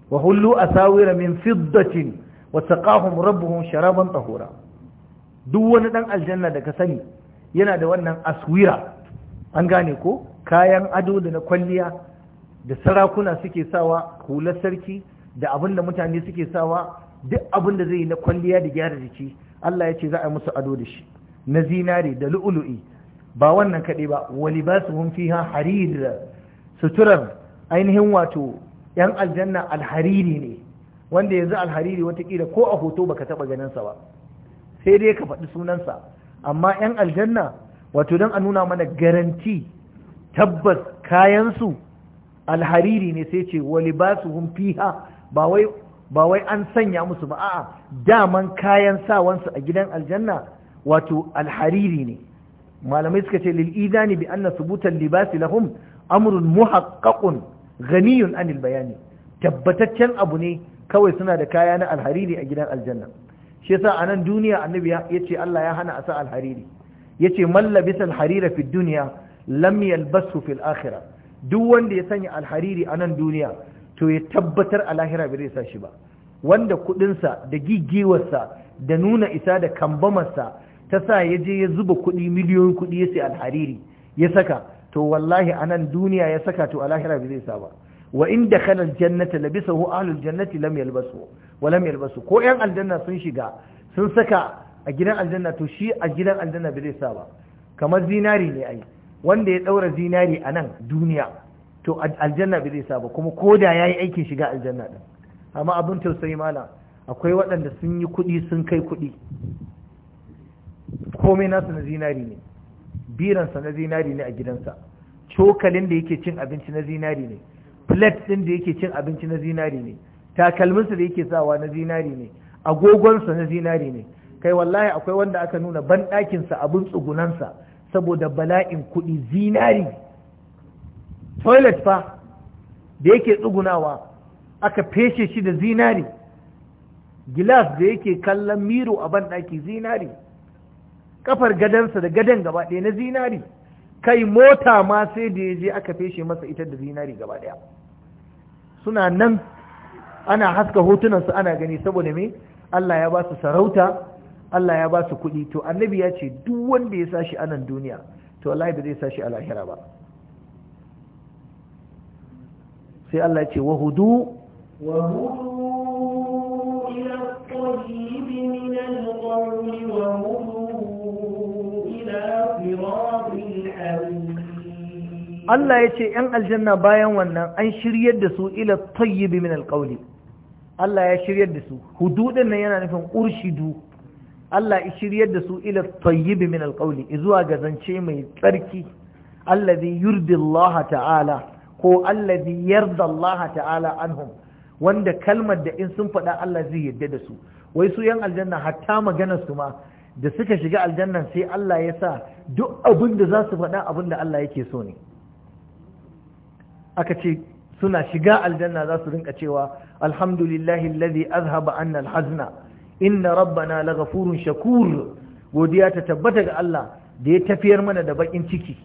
S1: wa hullu asawira min fiddatin wa taqahum rabbuhum sharaban tahura duk wani dan aljanna da ka sani yana da wannan aswira an gane ko kayan ado da na kwalliya da sarakuna suke sawa hular sarki da abin da mutane suke sawa duk abin da zai yi na kwalliya da gyara jiki Allah ya ce za a yi musu ado da shi na zinare da lu'ulu'i ba wannan kaɗai ba wani ba su hun fiha harir suturar ainihin wato ‘yan aljanna alhariri ne wanda yanzu alhariri watakila ko a hoto baka taba ganinsa ba sai dai ka faɗi sunansa amma 'yan aljanna wato don a nuna mana garanti tabbas kayansu alhariri ne sai ce wali ba su fiha ba wai an sanya musu ba a'a daman kayan sawansu a gidan aljanna wato alhariri ne malamai suka ce lil ne bi anna subutan libasi lahum amrun muhaqqaqun ganiyun anil bayani tabbataccen abu ne kawai suna da kaya na alhariri a gidan aljanna shi yasa a nan duniya annabi ya ce Allah ya hana a sa alhariri ya ce mallabisa alharira fi duniya lam yalbasu fil akhirah duk wanda ya sanya alhariri a nan duniya to ya tabbatar a lahira bai zai sa shi ba wanda kudinsa da gigiwarsa da nuna isa da kambamarsa ta sa ya je ya zuba kudi miliyoyin kudi ya sai alhariri ya saka to wallahi a nan duniya ya saka to a lahira bai zai sa ba wa in dakhala aljannata labisahu ahlul jannati lam yalbasu wa lam yalbasu ko yan aljanna sun shiga sun saka a gidan aljanna to shi a gidan aljanna bai sa ba kamar zinari ne ai wanda ya daura zinari a nan duniya to aljanna bai sa ba kuma koda yayi aikin shiga aljanna din amma abin tausayi malam akwai waɗanda sun yi kuɗi sun kai kuɗi komai nasu na zinari ne biransa na zinari ne a gidansa cokalin da yake cin abinci na zinari ne plate ɗin da yake cin abinci na zinari ne takalminsa da yake sawa na zinari ne agogonsa na zinari ne kai wallahi akwai wanda aka nuna banɗakinsa abin tsugunansa saboda bala'in kuɗi zinari toilet fa da yake tsugunawa aka feshe shi da zinari gilas da yake kallon miro a banɗaki zinari kafar gadansa da gadan gaba ɗaya na zinari kai mota ma sai da ya je aka feshe masa ita da zinari gaba ɗaya suna nan ana haska hotunansu ana gani saboda me Allah ya ba su sarauta Allah ya ba su kuɗi to annabi ya ce duk wanda ya sashi a nan duniya to wallahi ba zai sa shi a lahira ba sai Allah ya ce wa hudu
S2: wa hudu ila min wa hudu
S1: Allah ya ce ‘yan aljanna bayan wannan an shiryar da su ila tayyibi min alƙauli Allah ya shiryar da su hududin nan yana nufin urshidu Allah ya shiryar da su ila tayyibi min alƙauli zuwa ga zance mai tsarki allazi yurdi Allah ta'ala ko allazi yarda Allah ta'ala anhum wanda kalmar da in sun faɗa Allah zai yarda da su wai su ‘yan aljanna hatta maganar su ma da suka shiga aljannan sai Allah ya sa duk abin da za su faɗa abin da Allah yake so ne aka ce suna shiga aljanna za su rinka cewa alhamdulillahi alladhi azhaba anna alhazna inna rabbana laghafurun shakur godiya ta tabbata ga Allah da ya tafiyar mana da bakin ciki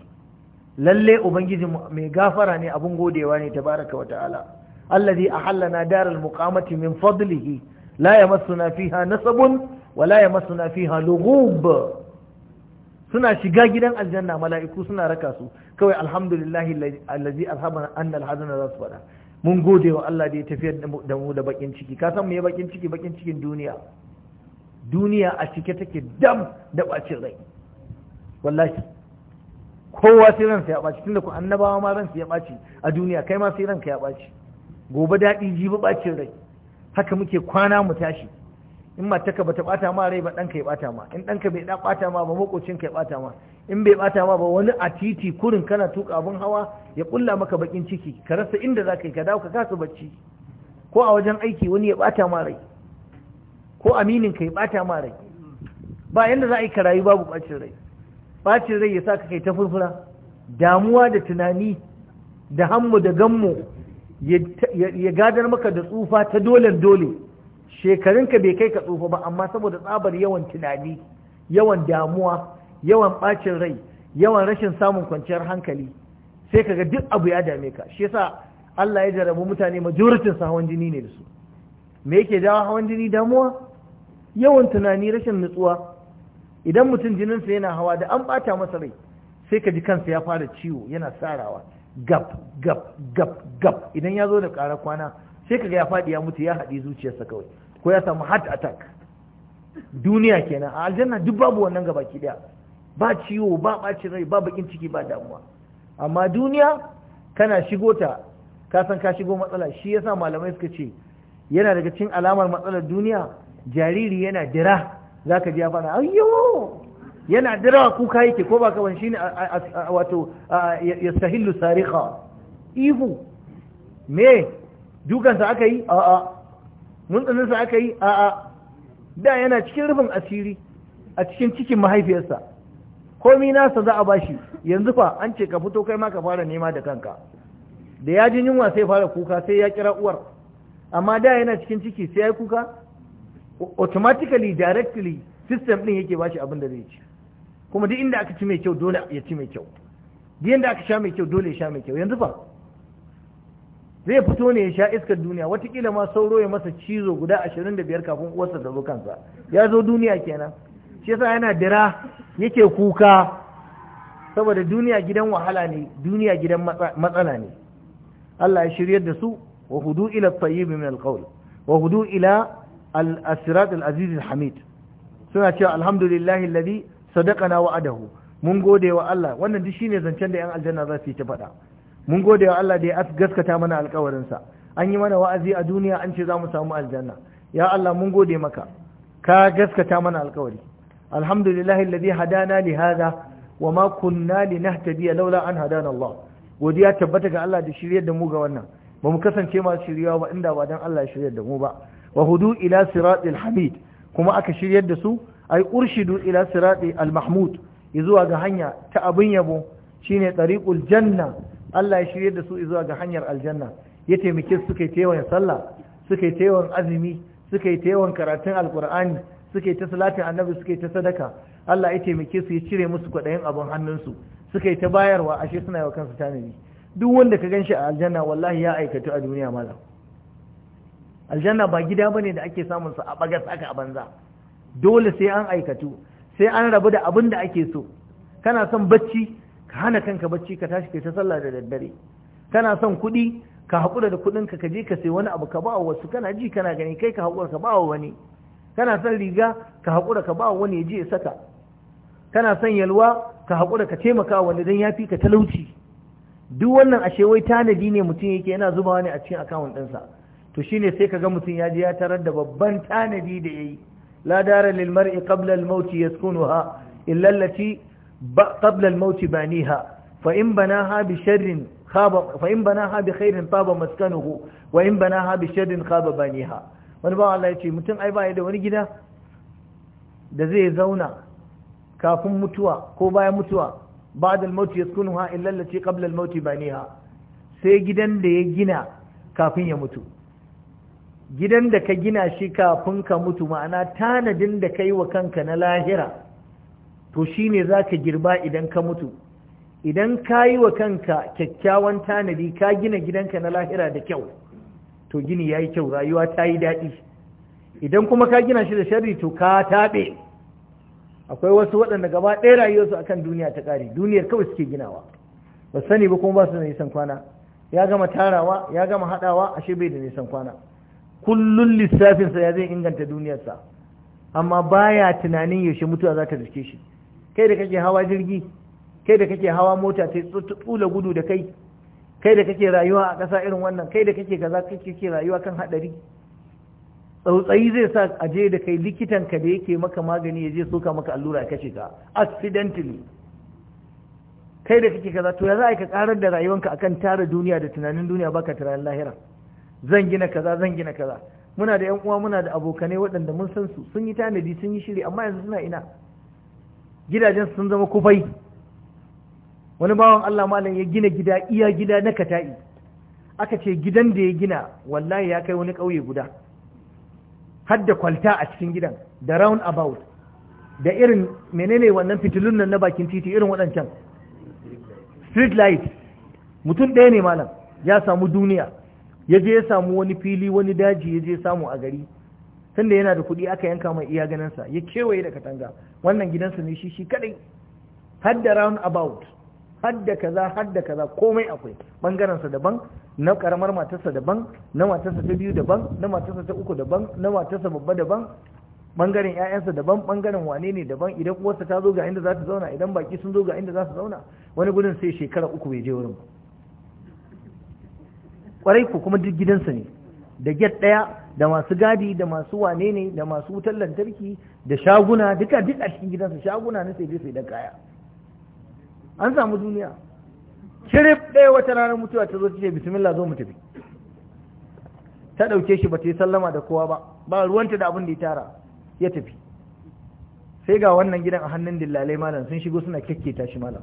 S1: lalle ubangiji mai gafara ne abun godewa ne tabaraka wa ta'ala alladhi ahallana daral muqamati min fadlihi la yamassuna fiha nasabun wa la yamassuna fiha lughub suna shiga gidan aljanna mala'iku suna raka su kawai alhamdulillahi allazi alhamana anna alhazana za su mun gode wa Allah da ya tafiyar da mu da bakin ciki ka san me bakin ciki bakin cikin duniya duniya a cike take dam da bacin rai wallahi kowa sai ransa ya ɓaci tunda ku annabawa ma ransa ya ɓaci a duniya kai ma sai ranka ya ɓaci gobe daɗi jibi ɓacin rai haka muke kwana mu tashi in matarka bata bata ma rai ba ɗanka ya bata ma in ɗanka bai ɗan bata ma ba makocinka ya bata ma in bai bata ma ba wani a titi kurin kana tuka abun hawa ya kulla maka bakin ciki ka rasa inda za ka ka dawo ka kasa bacci ko a wajen aiki wani ya bata ma rai ko aminin ka ya bata ma rai ba yanda za a yi ka babu bacin rai bacin rai ya sa ka kai ta furfura damuwa da tunani da hammu da ganmu ya gadar maka da tsufa ta dole dole shekarunka bai kai ka tsufa ba amma saboda tsabar yawan tunani yawan damuwa yawan bacin rai yawan rashin samun kwanciyar hankali sai kaga duk abu ya dame ka shi yasa Allah ya jarabu mutane majoritin su hawan jini ne da su me yake jawo hawan jini damuwa yawan tunani rashin nutsuwa idan mutum jininsa yana hawa da an bata masa rai sai ka ji kansa ya fara ciwo yana sarawa gab gab gab gab idan ya zo da kara kwana sai kaga ya faɗi ya mutu ya haɗi zuciyarsa kawai ko ya samu heart attack duniya kenan a aljanna duk babu wannan gaba ki daya ba ciwo ba bacin rai ba bakin ciki ba damuwa amma duniya kana shigo ta ka san ka shigo matsala shi yasa malamai suka ce yana daga cikin alamar matsalar duniya jariri yana dira zaka ji ya fara ayyo yana dira kuka yake ko ba ka shine wato yastahillu sariqa ihu me dukansa aka yi a'a mun tsanin sa aka yi a'a da yana cikin rufin asiri a cikin cikin mahaifiyarsa komi nasa za a bashi yanzu fa an ce ka fito kai ma ka fara nema da kanka da ya ji yunwa sai fara kuka sai ya kira uwar amma da yana cikin ciki sai ya kuka automatically directly system din yake bashi abin da zai ci kuma duk inda aka ci mai kyau dole ya ci mai kyau duk inda aka sha mai kyau dole ya sha mai kyau yanzu fa zai fito ne ya sha iskar duniya watakila ma sauro ya masa cizo guda ashirin da biyar kafin uwarsa da kansa ya zo duniya kenan shi yasa yana dira yake kuka saboda duniya gidan wahala ne duniya gidan matsala ne Allah ya shiryar da su wa hudu ila tayyib min alqawl wa hudu ila al-asirat al-aziz hamid suna cewa alhamdulillahi alladhi sadaqana wa'adahu mun gode wa Allah wannan duk shine zancen da yan aljanna za su yi ta faɗa mun gode wa Allah da ya gaskata mana alkawarinsa an yi mana wa'azi a duniya an ce za mu samu aljanna ya Allah mun gode maka ka gaskata mana alkawari alhamdulillahi alladhi hadana li hadha wa ma kunna linahtadiya laula an hadana Allah godiya tabbata ga Allah da shiryar da mu ga wannan ba mu kasance masu shiryawa ba inda ba dan Allah ya shiryar da mu ba wa hudu ila siratil hamid kuma aka shiryar da su ay urshidu ila sirati al mahmud zuwa ga hanya ta abin yabo shine tariqul janna Allah ya shirye da su zuwa ga hanyar aljanna ya taimake su suka yi taiwon sallah suka yi taiwon azumi suka yi taiwon karatun alkur'ani suka yi ta salatin annabi suka yi ta sadaka Allah ya taimake su ya cire musu kwaɗayin abin hannunsu suka yi ta bayarwa ashe suna yi wa kansu tanadi duk wanda ka gan shi a aljanna wallahi ya aikatu a duniya malam aljanna ba gida bane da ake samun sa a bagas aka a banza dole sai an aikatu sai an rabu da abin da ake so kana son bacci ka hana kanka bacci ka tashi kai ta sallah da daddare kana son kuɗi ka haƙura da kuɗin ka je ka sai wani abu ka ba wa wasu kana ji kana gani kai ka haƙura ka ba wa wani kana son riga ka haƙura ka ba wa wani ya je ya saka kana son yalwa ka haƙura ka taimaka wani don ya fi ka talauci duk wannan ashe wai tanadi ne mutum yake yana zubawa ne a cikin akawun ɗinsa to shine sai ka ga mutum ya je ya tarar da babban tanadi da ya yi la dara lil mar'i qabla al maut yaskunuha illa allati qabla al-maut baniha fa in banaha bi sharrin khaba fa in banaha bi khairin taba maskanuhu wa baniha wani ba Allah ya ce mutum ai ba da wani gida da zai zauna kafin mutuwa ko bayan mutuwa ba'da al-maut yaskunuha illa allati qabla ba maut baniha sai gidan da ya gina kafin ya mutu gidan da ka gina shi kafin ka mutu ma'ana tanadin da ka yi wa kanka na lahira to shi ne za ka girba idan ka mutu idan ka yi wa kanka kyakkyawan tanadi ka gina gidanka na lahira da kyau to gini ya yi kyau rayuwa ta yi daɗi idan kuma ka gina shi da shari to ka taɓe akwai wasu waɗanda gaba ɗaya rayuwarsu akan duniya ta ƙare duniyar kawai suke ginawa ba sani ba kuma ba su da nisan kwana ya gama tarawa ya gama haɗawa ashe bai da nisan kwana Kullum lissafinsa ya zai inganta duniyarsa amma baya tunanin yaushe mutuwa za ta riske shi kai da kake hawa jirgi kai da kake hawa mota ta tsula gudu da kai kai da kake rayuwa a ƙasa irin wannan kai da kake kaza kake rayuwa kan haɗari tsautsayi zai sa a je da kai likitan ka da yake maka magani ya je soka maka allura ya kashe ka accidentally kai da kake kaza to ya za ka karar da rayuwanka akan tara duniya da tunanin duniya baka tunanin lahira zan gina kaza zan gina kaza muna da yan uwa muna da abokanai waɗanda mun san su sun yi tanadi sun yi shiri amma yanzu suna ina gidajen sun zama kufai wani bawan Allah malam ya gina gida iya gida na kata'i aka ce gidan da ya gina wallahi ya kai wani ƙauye guda har da kwalta a cikin gidan da round about da irin menene wannan fitilun nan na bakin titi irin waɗancan street light mutum ɗaya ne malam ya samu duniya ya je ya samu wani fili wani daji ya je samu a gari tunda yana da kuɗi aka yanka mai iya ganinsa ya kewaye da katanga wannan gidansa ne shi shi kadai har da round about hadda da kaza hadda da kaza komai akwai bangarensa daban na karamar matarsa daban na matarsa ta biyu daban na matarsa ta uku daban na matarsa babba daban bangaren ƴaƴansa daban bangaren wane ne daban idan uwarsa ta zo ga inda za ta zauna idan baki sun zo ga inda za su zauna wani gudun sai shekara uku bai je wurin kwarai ko kuma duk gidansa ne da get ɗaya da masu gadi da masu wane ne da masu wutar lantarki da shaguna duka duk a cikin gidansa shaguna na sai sai da kaya an samu duniya kirif ɗaya wata ranar mutuwa ta zo ta ce bismillah zo mu tafi ta ɗauke shi ba ta yi sallama da kowa ba ba ruwanta da abin da ya tara ya tafi sai ga wannan gidan a hannun dillalai malam sun shigo suna kyakketa shi malam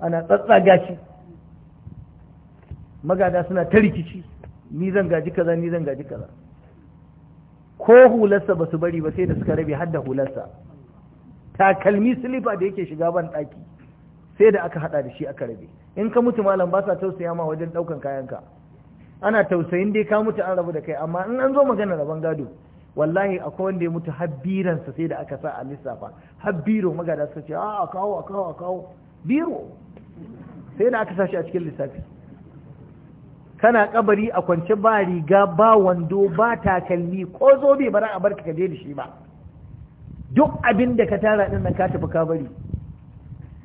S1: ana tsatsaga shi magada suna ta rikici ni zan gaji kaza ni zan gaji kaza ko hularsa ba su bari ba sai da suka rabe har da hularsa takalmi silifa da yake shiga ban ɗaki sai da aka haɗa da shi aka rabe in ka mutu malam ba sa tausaya ma wajen ɗaukan kayanka ana tausayin dai ka mutu an rabu da kai amma in an zo magana rabon gado wallahi akwai wanda ya mutu habbiransa sai da aka sa a lissafa habbiro magada suka ce ah, a kawo a kawo a kawo biro sai da aka sa shi a cikin lissafi kana kabari a kwance ba riga ba wando ba takalmi ko zo bai bara a barka ka da shi ba duk abin da ka tara din nan ka tafi ka bari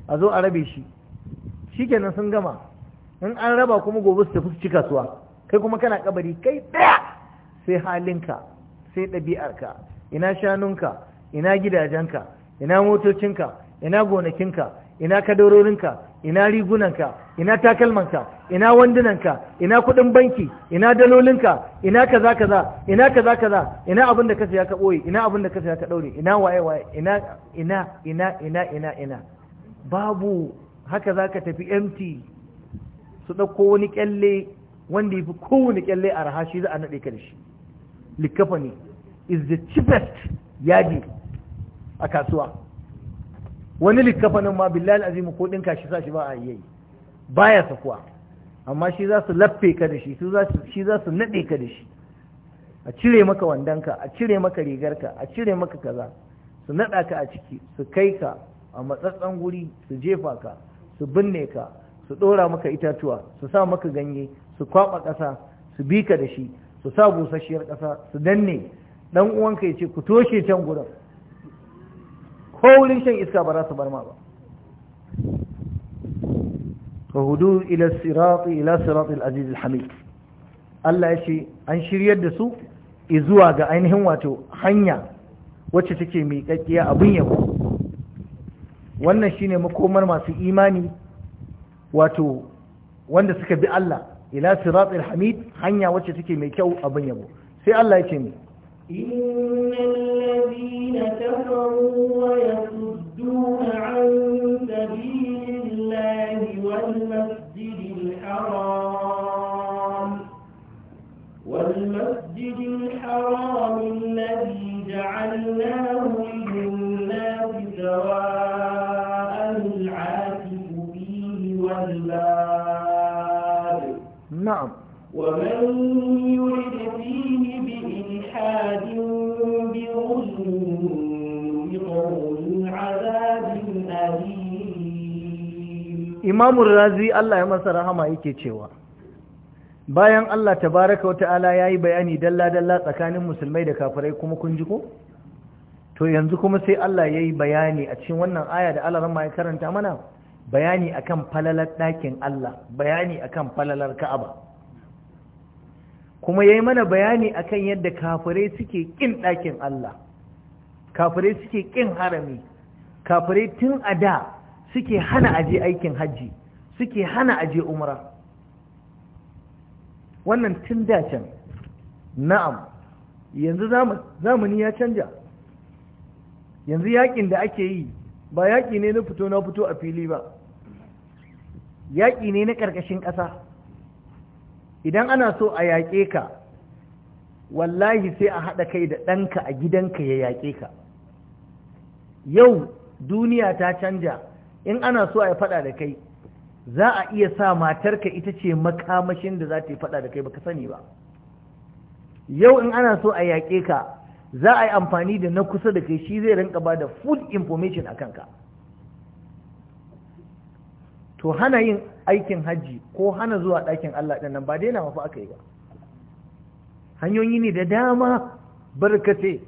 S1: a zo a rabe shi shikenan sun gama in an raba kuma gobe su tafi su ci kasuwa kai kuma kana kabari kai daya sai halinka sai ɗabi'arka ina shanunka ina gidajenka ina motocinka ina gonakinka ina kadarorinka ina rigunanka ina takalmanka ina wandunanka ina kudin banki ina dalolinka ina kaza kaza ina kaza kaza ina abin da ka siya ka boye ina abin da ka siya ka daure ina waye waye ina ina ina ina ina ina babu haka zaka tafi empty su dauko wani kyalle wanda yafi kowani kyalle a rahashi za a nade ka da shi Likafani is the cheapest yadi a kasuwa wani likkafanin ma billahi azim ko dinka shi sa shi ba a yi baya sakuwa amma shi za su laffe ka da shi shi za su nade ka da shi a cire maka wandanka a cire maka rigarka a cire maka kaza su nada ka a ciki su kai ka a matsatsan guri su jefa ka su binne ka su dora maka itatuwa su sa maka ganye su kwaba ƙasa su bi ka da shi su sa busasshiyar ƙasa su danne dan uwanka ya ce ku toshe can gurin ko wurin shan iska ba za su bar ma ba fahudu ila sirati ila sirati al-aziz al-hamid Allah ya ce an shiryar da su zuwa ga ainihin wato hanya wacce take miƙaƙƙiya abin yabo wannan shine makomar masu imani wato wanda suka bi Allah ila sirati al-hamid hanya wacce take mai kyau abin yabo sai Allah ya ce ni
S2: الذين كفروا ويصدون عن سبيل الله والمسجد الحرام والمسجد الحرام الذي جعلناه للناس سواء العاكف فيه والباب نعم ومن يريد imamun
S1: razi Allah ya masa rahama yake cewa bayan Allah tabaraka wa ta'ala ya yi bayani dalla-dalla tsakanin musulmai da kafirai kuma kun ji ko? to yanzu kuma sai Allah ya yi bayani a cikin wannan aya da Allah rama ya karanta mana bayani akan falalar ɗakin Allah bayani akan falalar Ka'aba kuma ya yi mana bayani akan yadda kafirai suke ƙin ɗakin Allah kafirai suke ƙin harami kafirai tun a da suke hana aje aikin hajji suke hana aje umra wannan tun da can na'am yanzu zamani ya canja yanzu yakin da ake yi ba yaƙi ne na fito na fito a fili ba yaƙi ne na ƙarƙashin ƙasa idan ana so a yaƙe ka wallahi sai a haɗa kai da ɗanka a gidanka ya yaƙe ka yau duniya ta canja in ana so a yi faɗa da kai za a iya sa matarka ita ce makamashin da za ta yi faɗa da kai baka sani ba yau in ana so a yaƙe ka za a yi amfani da na kusa da kai shi zai rinka ba da food information a kanka to hana yin aikin hajji ko hana zuwa ɗakin Allah ɗan nan ba daina mafi aka yi ba hanyoyi ne da dama barkace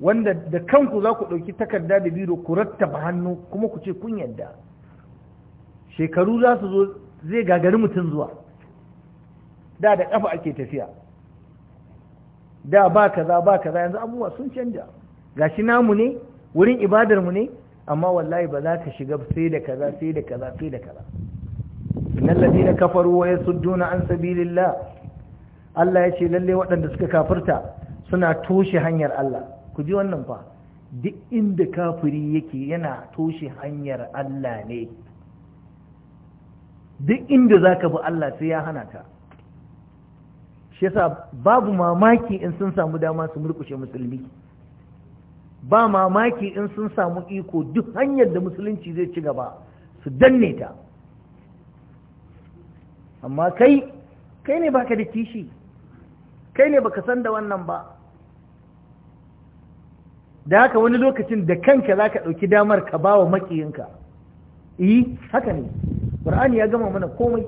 S1: wanda da kanku za ku ɗauki takarda da biro ku rattaba hannu kuma ku ce kun yadda shekaru za su zo zai gagari mutum zuwa da da ƙafa ake tafiya da ba kaza ba kaza yanzu abubuwa sun canja gashi namu ne wurin ibadar mu ne amma wallahi ba za ka shiga sai da kaza sai da kaza sai da kaza innal ladina kafaru wa yasudduna an sabilillah Allah ya ce lalle waɗanda suka kafirta suna toshe hanyar Allah ku ji wannan fa duk inda kafiri yake yana toshe hanyar Allah ne duk inda za ka bi Allah sai ya hana ta. shi yasa babu mamaki in sun samu dama su murkushe musulmi ba mamaki in sun samu iko duk hanyar da musulunci zai ci gaba su danne ta amma kai kai ne baka da kishi kai ne baka san da wannan ba da haka wani lokacin da kanka za ka ɗauki damar ka ba wa maƙiyinka yi eh, haka ne ƙur'ani ya gama mana komai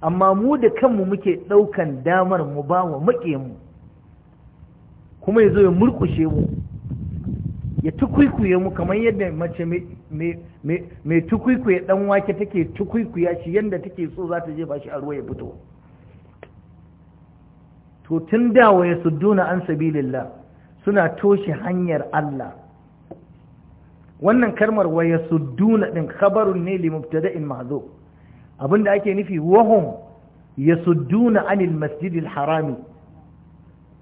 S1: amma mu da kanmu muke ɗaukan damar mu ba wa maƙiyinmu kuma ya zo ya murƙushe mu ya tukwikuye mu kamar yadda mace mai tukwikuye ɗan wake take tukwikuya shi yadda take so za ta jefa shi a ruwa ya fito to tun dawa ya sudduna an sabilillah suna toshe hanyar Allah wannan karmar waya sudduna ɗin khabarun ne li mubtada'in mahzuf abinda ake nufi wahum yasudduna anil masjidil harami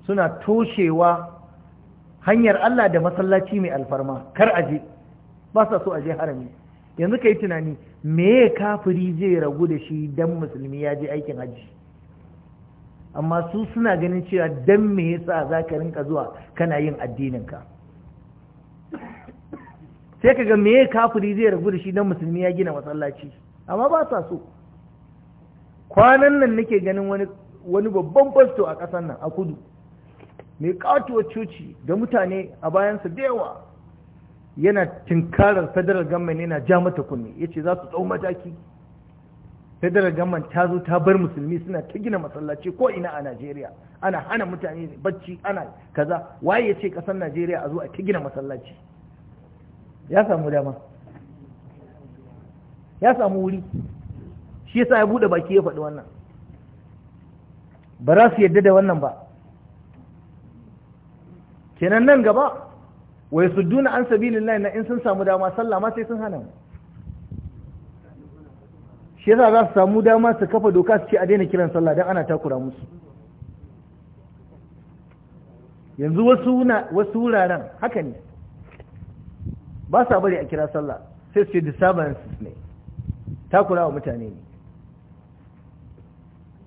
S1: suna toshewa hanyar Allah da masallaci mai alfarma kar aje ba sa so aje harami yanzu ka yi tunani me kafiri zai ragu da shi dan musulmi ya je aikin hajji amma su suna ganin cewa dan me yasa za ka rinka zuwa kana yin addininka sai ka ga meye kafiri zai ragu da shi dan musulmi ya gina masallaci amma ba sa so kwanan nan nake ganin wani babban fasto a ƙasar nan a kudu mai katuwar coci da mutane a bayansa da yawa yana tinkarar federal government yana ja mata kunne yace za su tsau mataki federal government ta zo ta bar musulmi suna ta gina masallaci ko ina a Najeriya ana hana mutane bacci ana kaza waye ya ce kasar Najeriya a zo a ta gina masallaci ya samu dama ya samu wuri shi yasa ya bude baki ya faɗi wannan ba za su yadda da wannan ba kenan nan gaba wai su duna an sabilillahi na in sun samu dama sallah ma sai sun hana mu shi yasa za su samu dama su kafa doka su ce a daina kiran sallah dan ana takura musu yanzu wasu na wasu wuraren haka ne ba sa bari a kira sallah sai su ce disturbances ne takura wa mutane ne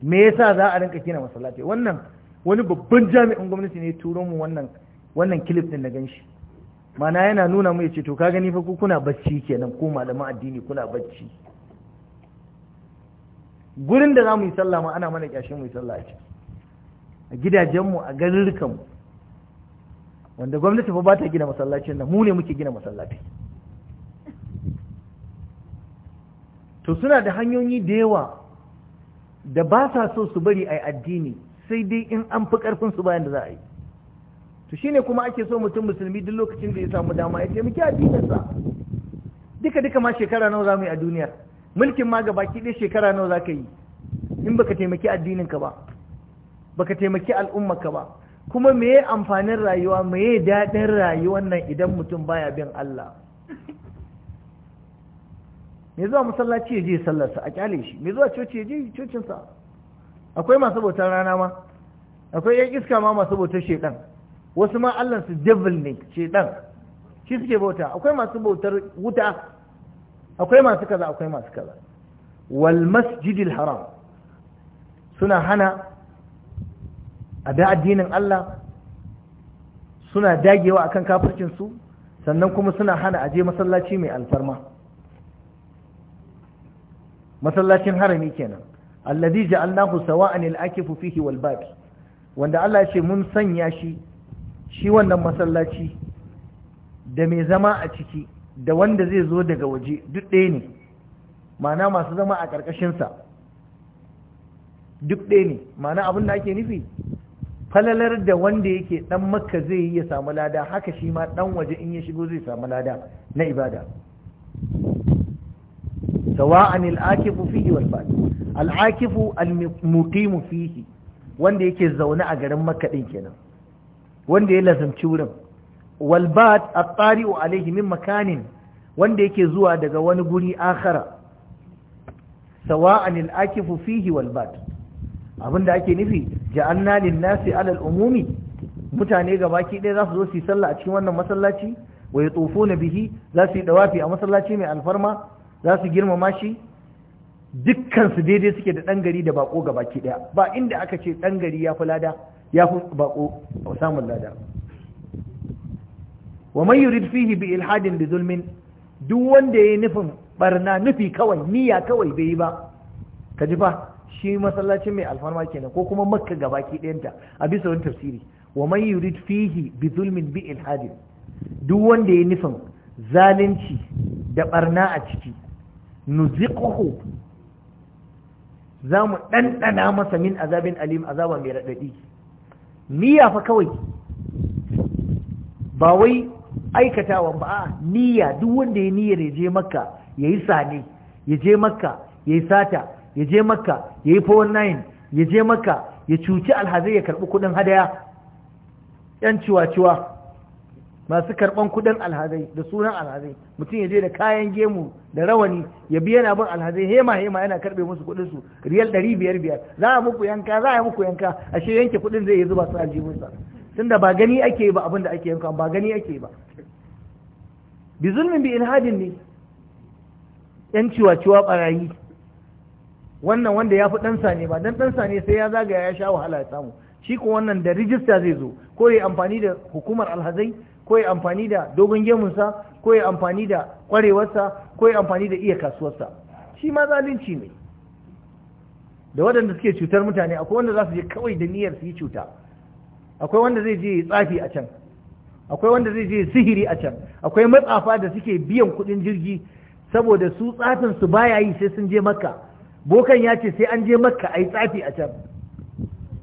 S1: me yasa za a rinka kina masallaci wannan wani babban jami'in gwamnati ne turo mu wannan wannan clip din na ganshi mana yana nuna mu ya ce to ka gani fa ku kuna bacci kenan ko malaman addini kuna bacci gurin da za mu yi sallah ma ana mana kyashin mu yi sallah a a gidajenmu a garurrukanmu wanda gwamnati ba ta gina masallacin nan mu ne muke gina masallaci to suna da hanyoyi da yawa da ba sa so su bari a addini sai dai in an fi ƙarfin su bayan da za a yi to shine kuma ake so mutum musulmi duk lokacin da ya samu dama ya taimaki addininsa duka duka ma shekara nawa za mu yi a duniya mulkin ma ga baki ɗaya shekara nawa za ka yi in baka taimaki addininka ba baka taimaki ka ba kuma meye amfanin rayuwa meye daɗin rayuwar nan idan mutum baya bin Allah me zuwa masallaci ya je sallarsa a kyale shi me zuwa coci ya je cocinsa akwai masu bautar rana ma akwai yan iska ma masu bautar shedan wasu ma allansu devil ne shedan shi suke bauta akwai masu bautar wuta akwai masu kaza akwai masu kaza wal masjidil haram suna hana a da addinin Allah suna dagewa akan kafircinsu sannan kuma suna hana aje masallaci mai alfarma masallacin harami kenan alladhi ja'alnahu sawa'an al-akifu fihi wal baqi wanda Allah ya ce mun sanya shi shi wannan masallaci da mai zama a ciki da wanda zai zo daga waje duk ɗaya ne mana masu zama a ƙarƙashinsa duk ɗaya ne mana abin da ake nufi falalar da wanda yake ɗan makka zai yi ya samu lada haka shi ma ɗan waje in ya shigo zai samu lada na ibada sawa'an al'akifu fihi wal fadi al'akifu al-muqimu fihi wanda yake zaune a garin makka din kenan wanda ya lazumci wurin walbat at-tari'u alayhi min makanin wanda yake zuwa daga wani guri akhara sawa'an al-akifu fihi walbat abinda ake nufi ja'alna lin-nasi 'ala al-umumi mutane gabaki ɗaya za su zo su yi sallah a cikin wannan masallaci wa yatufuna bihi za su yi dawafi a masallaci mai alfarma za su girmama shi dukkan su daidai suke da ɗan gari da bako gabaki ɗaya ba inda aka ce ɗan gari ya fi lada ya fi bako samun lada wa man yurid fihi bi ilhadin bi zulmin duk wanda yayi nufin barna nufi kawai niyya kawai bai yi ba ka ji fa shi masallacin mai alfarma kenan ko kuma makka gabaki ɗayanta a bisa wani tafsiri wa man yurid fihi bi zulmin bi ilhadin duk wanda yayi nufin zalunci da barna a ciki nuziquhu za mu ɗanɗana masa min azabin alim azaba mai raɗaɗi niyya fa kawai ba wai Aikatawa ba a niyya duk wanda ya niyyar ya je makka ya yi sani, ya je makka ya yi sata ya je makka ya yi nine ya je makka ya cuci alhazai ya karɓi kuɗin hadaya yan ciwa-ciwa masu karɓan kuɗin alhazai da sunan alhazai mutum ya je da kayan gemu da rawani ya biya yana bin alhazai hema hema yana karɓe musu kuɗin su riyal ɗari biyar biyar za a muku yanka za a muku yanka ashe yanke kuɗin zai yi zuba su aljihunsa tunda ba gani ake ba abin da ake yanka ba gani ake ba bi zulmin bi ilhadin ne yan ciwa-ciwa barayi wannan wanda ya fi ɗansa ne ba dan ɗansa ne sai ya zagaya ya sha wahala ya samu shi ko wannan da rijista zai zo ko ya amfani da hukumar alhazai ko ya amfani da dogon gemunsa ko ya amfani da kwarewarsa ko ya amfani da iya kasuwarsa shi ma zalunci ne da waɗanda suke cutar mutane akwai wanda za su je kawai da niyyar su yi cuta akwai wanda zai je ya tsafi a can akwai wanda zai je sihiri a can akwai matsafa da suke biyan kuɗin jirgi saboda su tsafin su baya yi sai sun je makka bokan ya ce sai an je makka a tsafi a can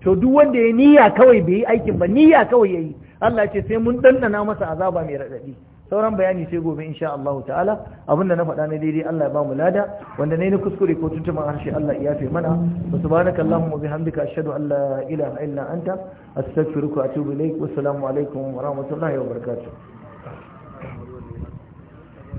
S1: to duk wanda ya niyya kawai bai yi aikin ba niyya kawai yayi yi Allah ce sai mun ɗanɗana masa azaba mai raɗaɗi sauran bayani sai gobe insha Allah ta'ala abinda na faɗa ne daidai Allah ya bamu lada wanda ne na kuskure ko ma harshe Allah ya yafe mana subhanaka allahumma bihamdika ashhadu an la ilaha illa anta astaghfiruka wa atubu ilaik wa assalamu alaikum wa rahmatullahi wa barakatuh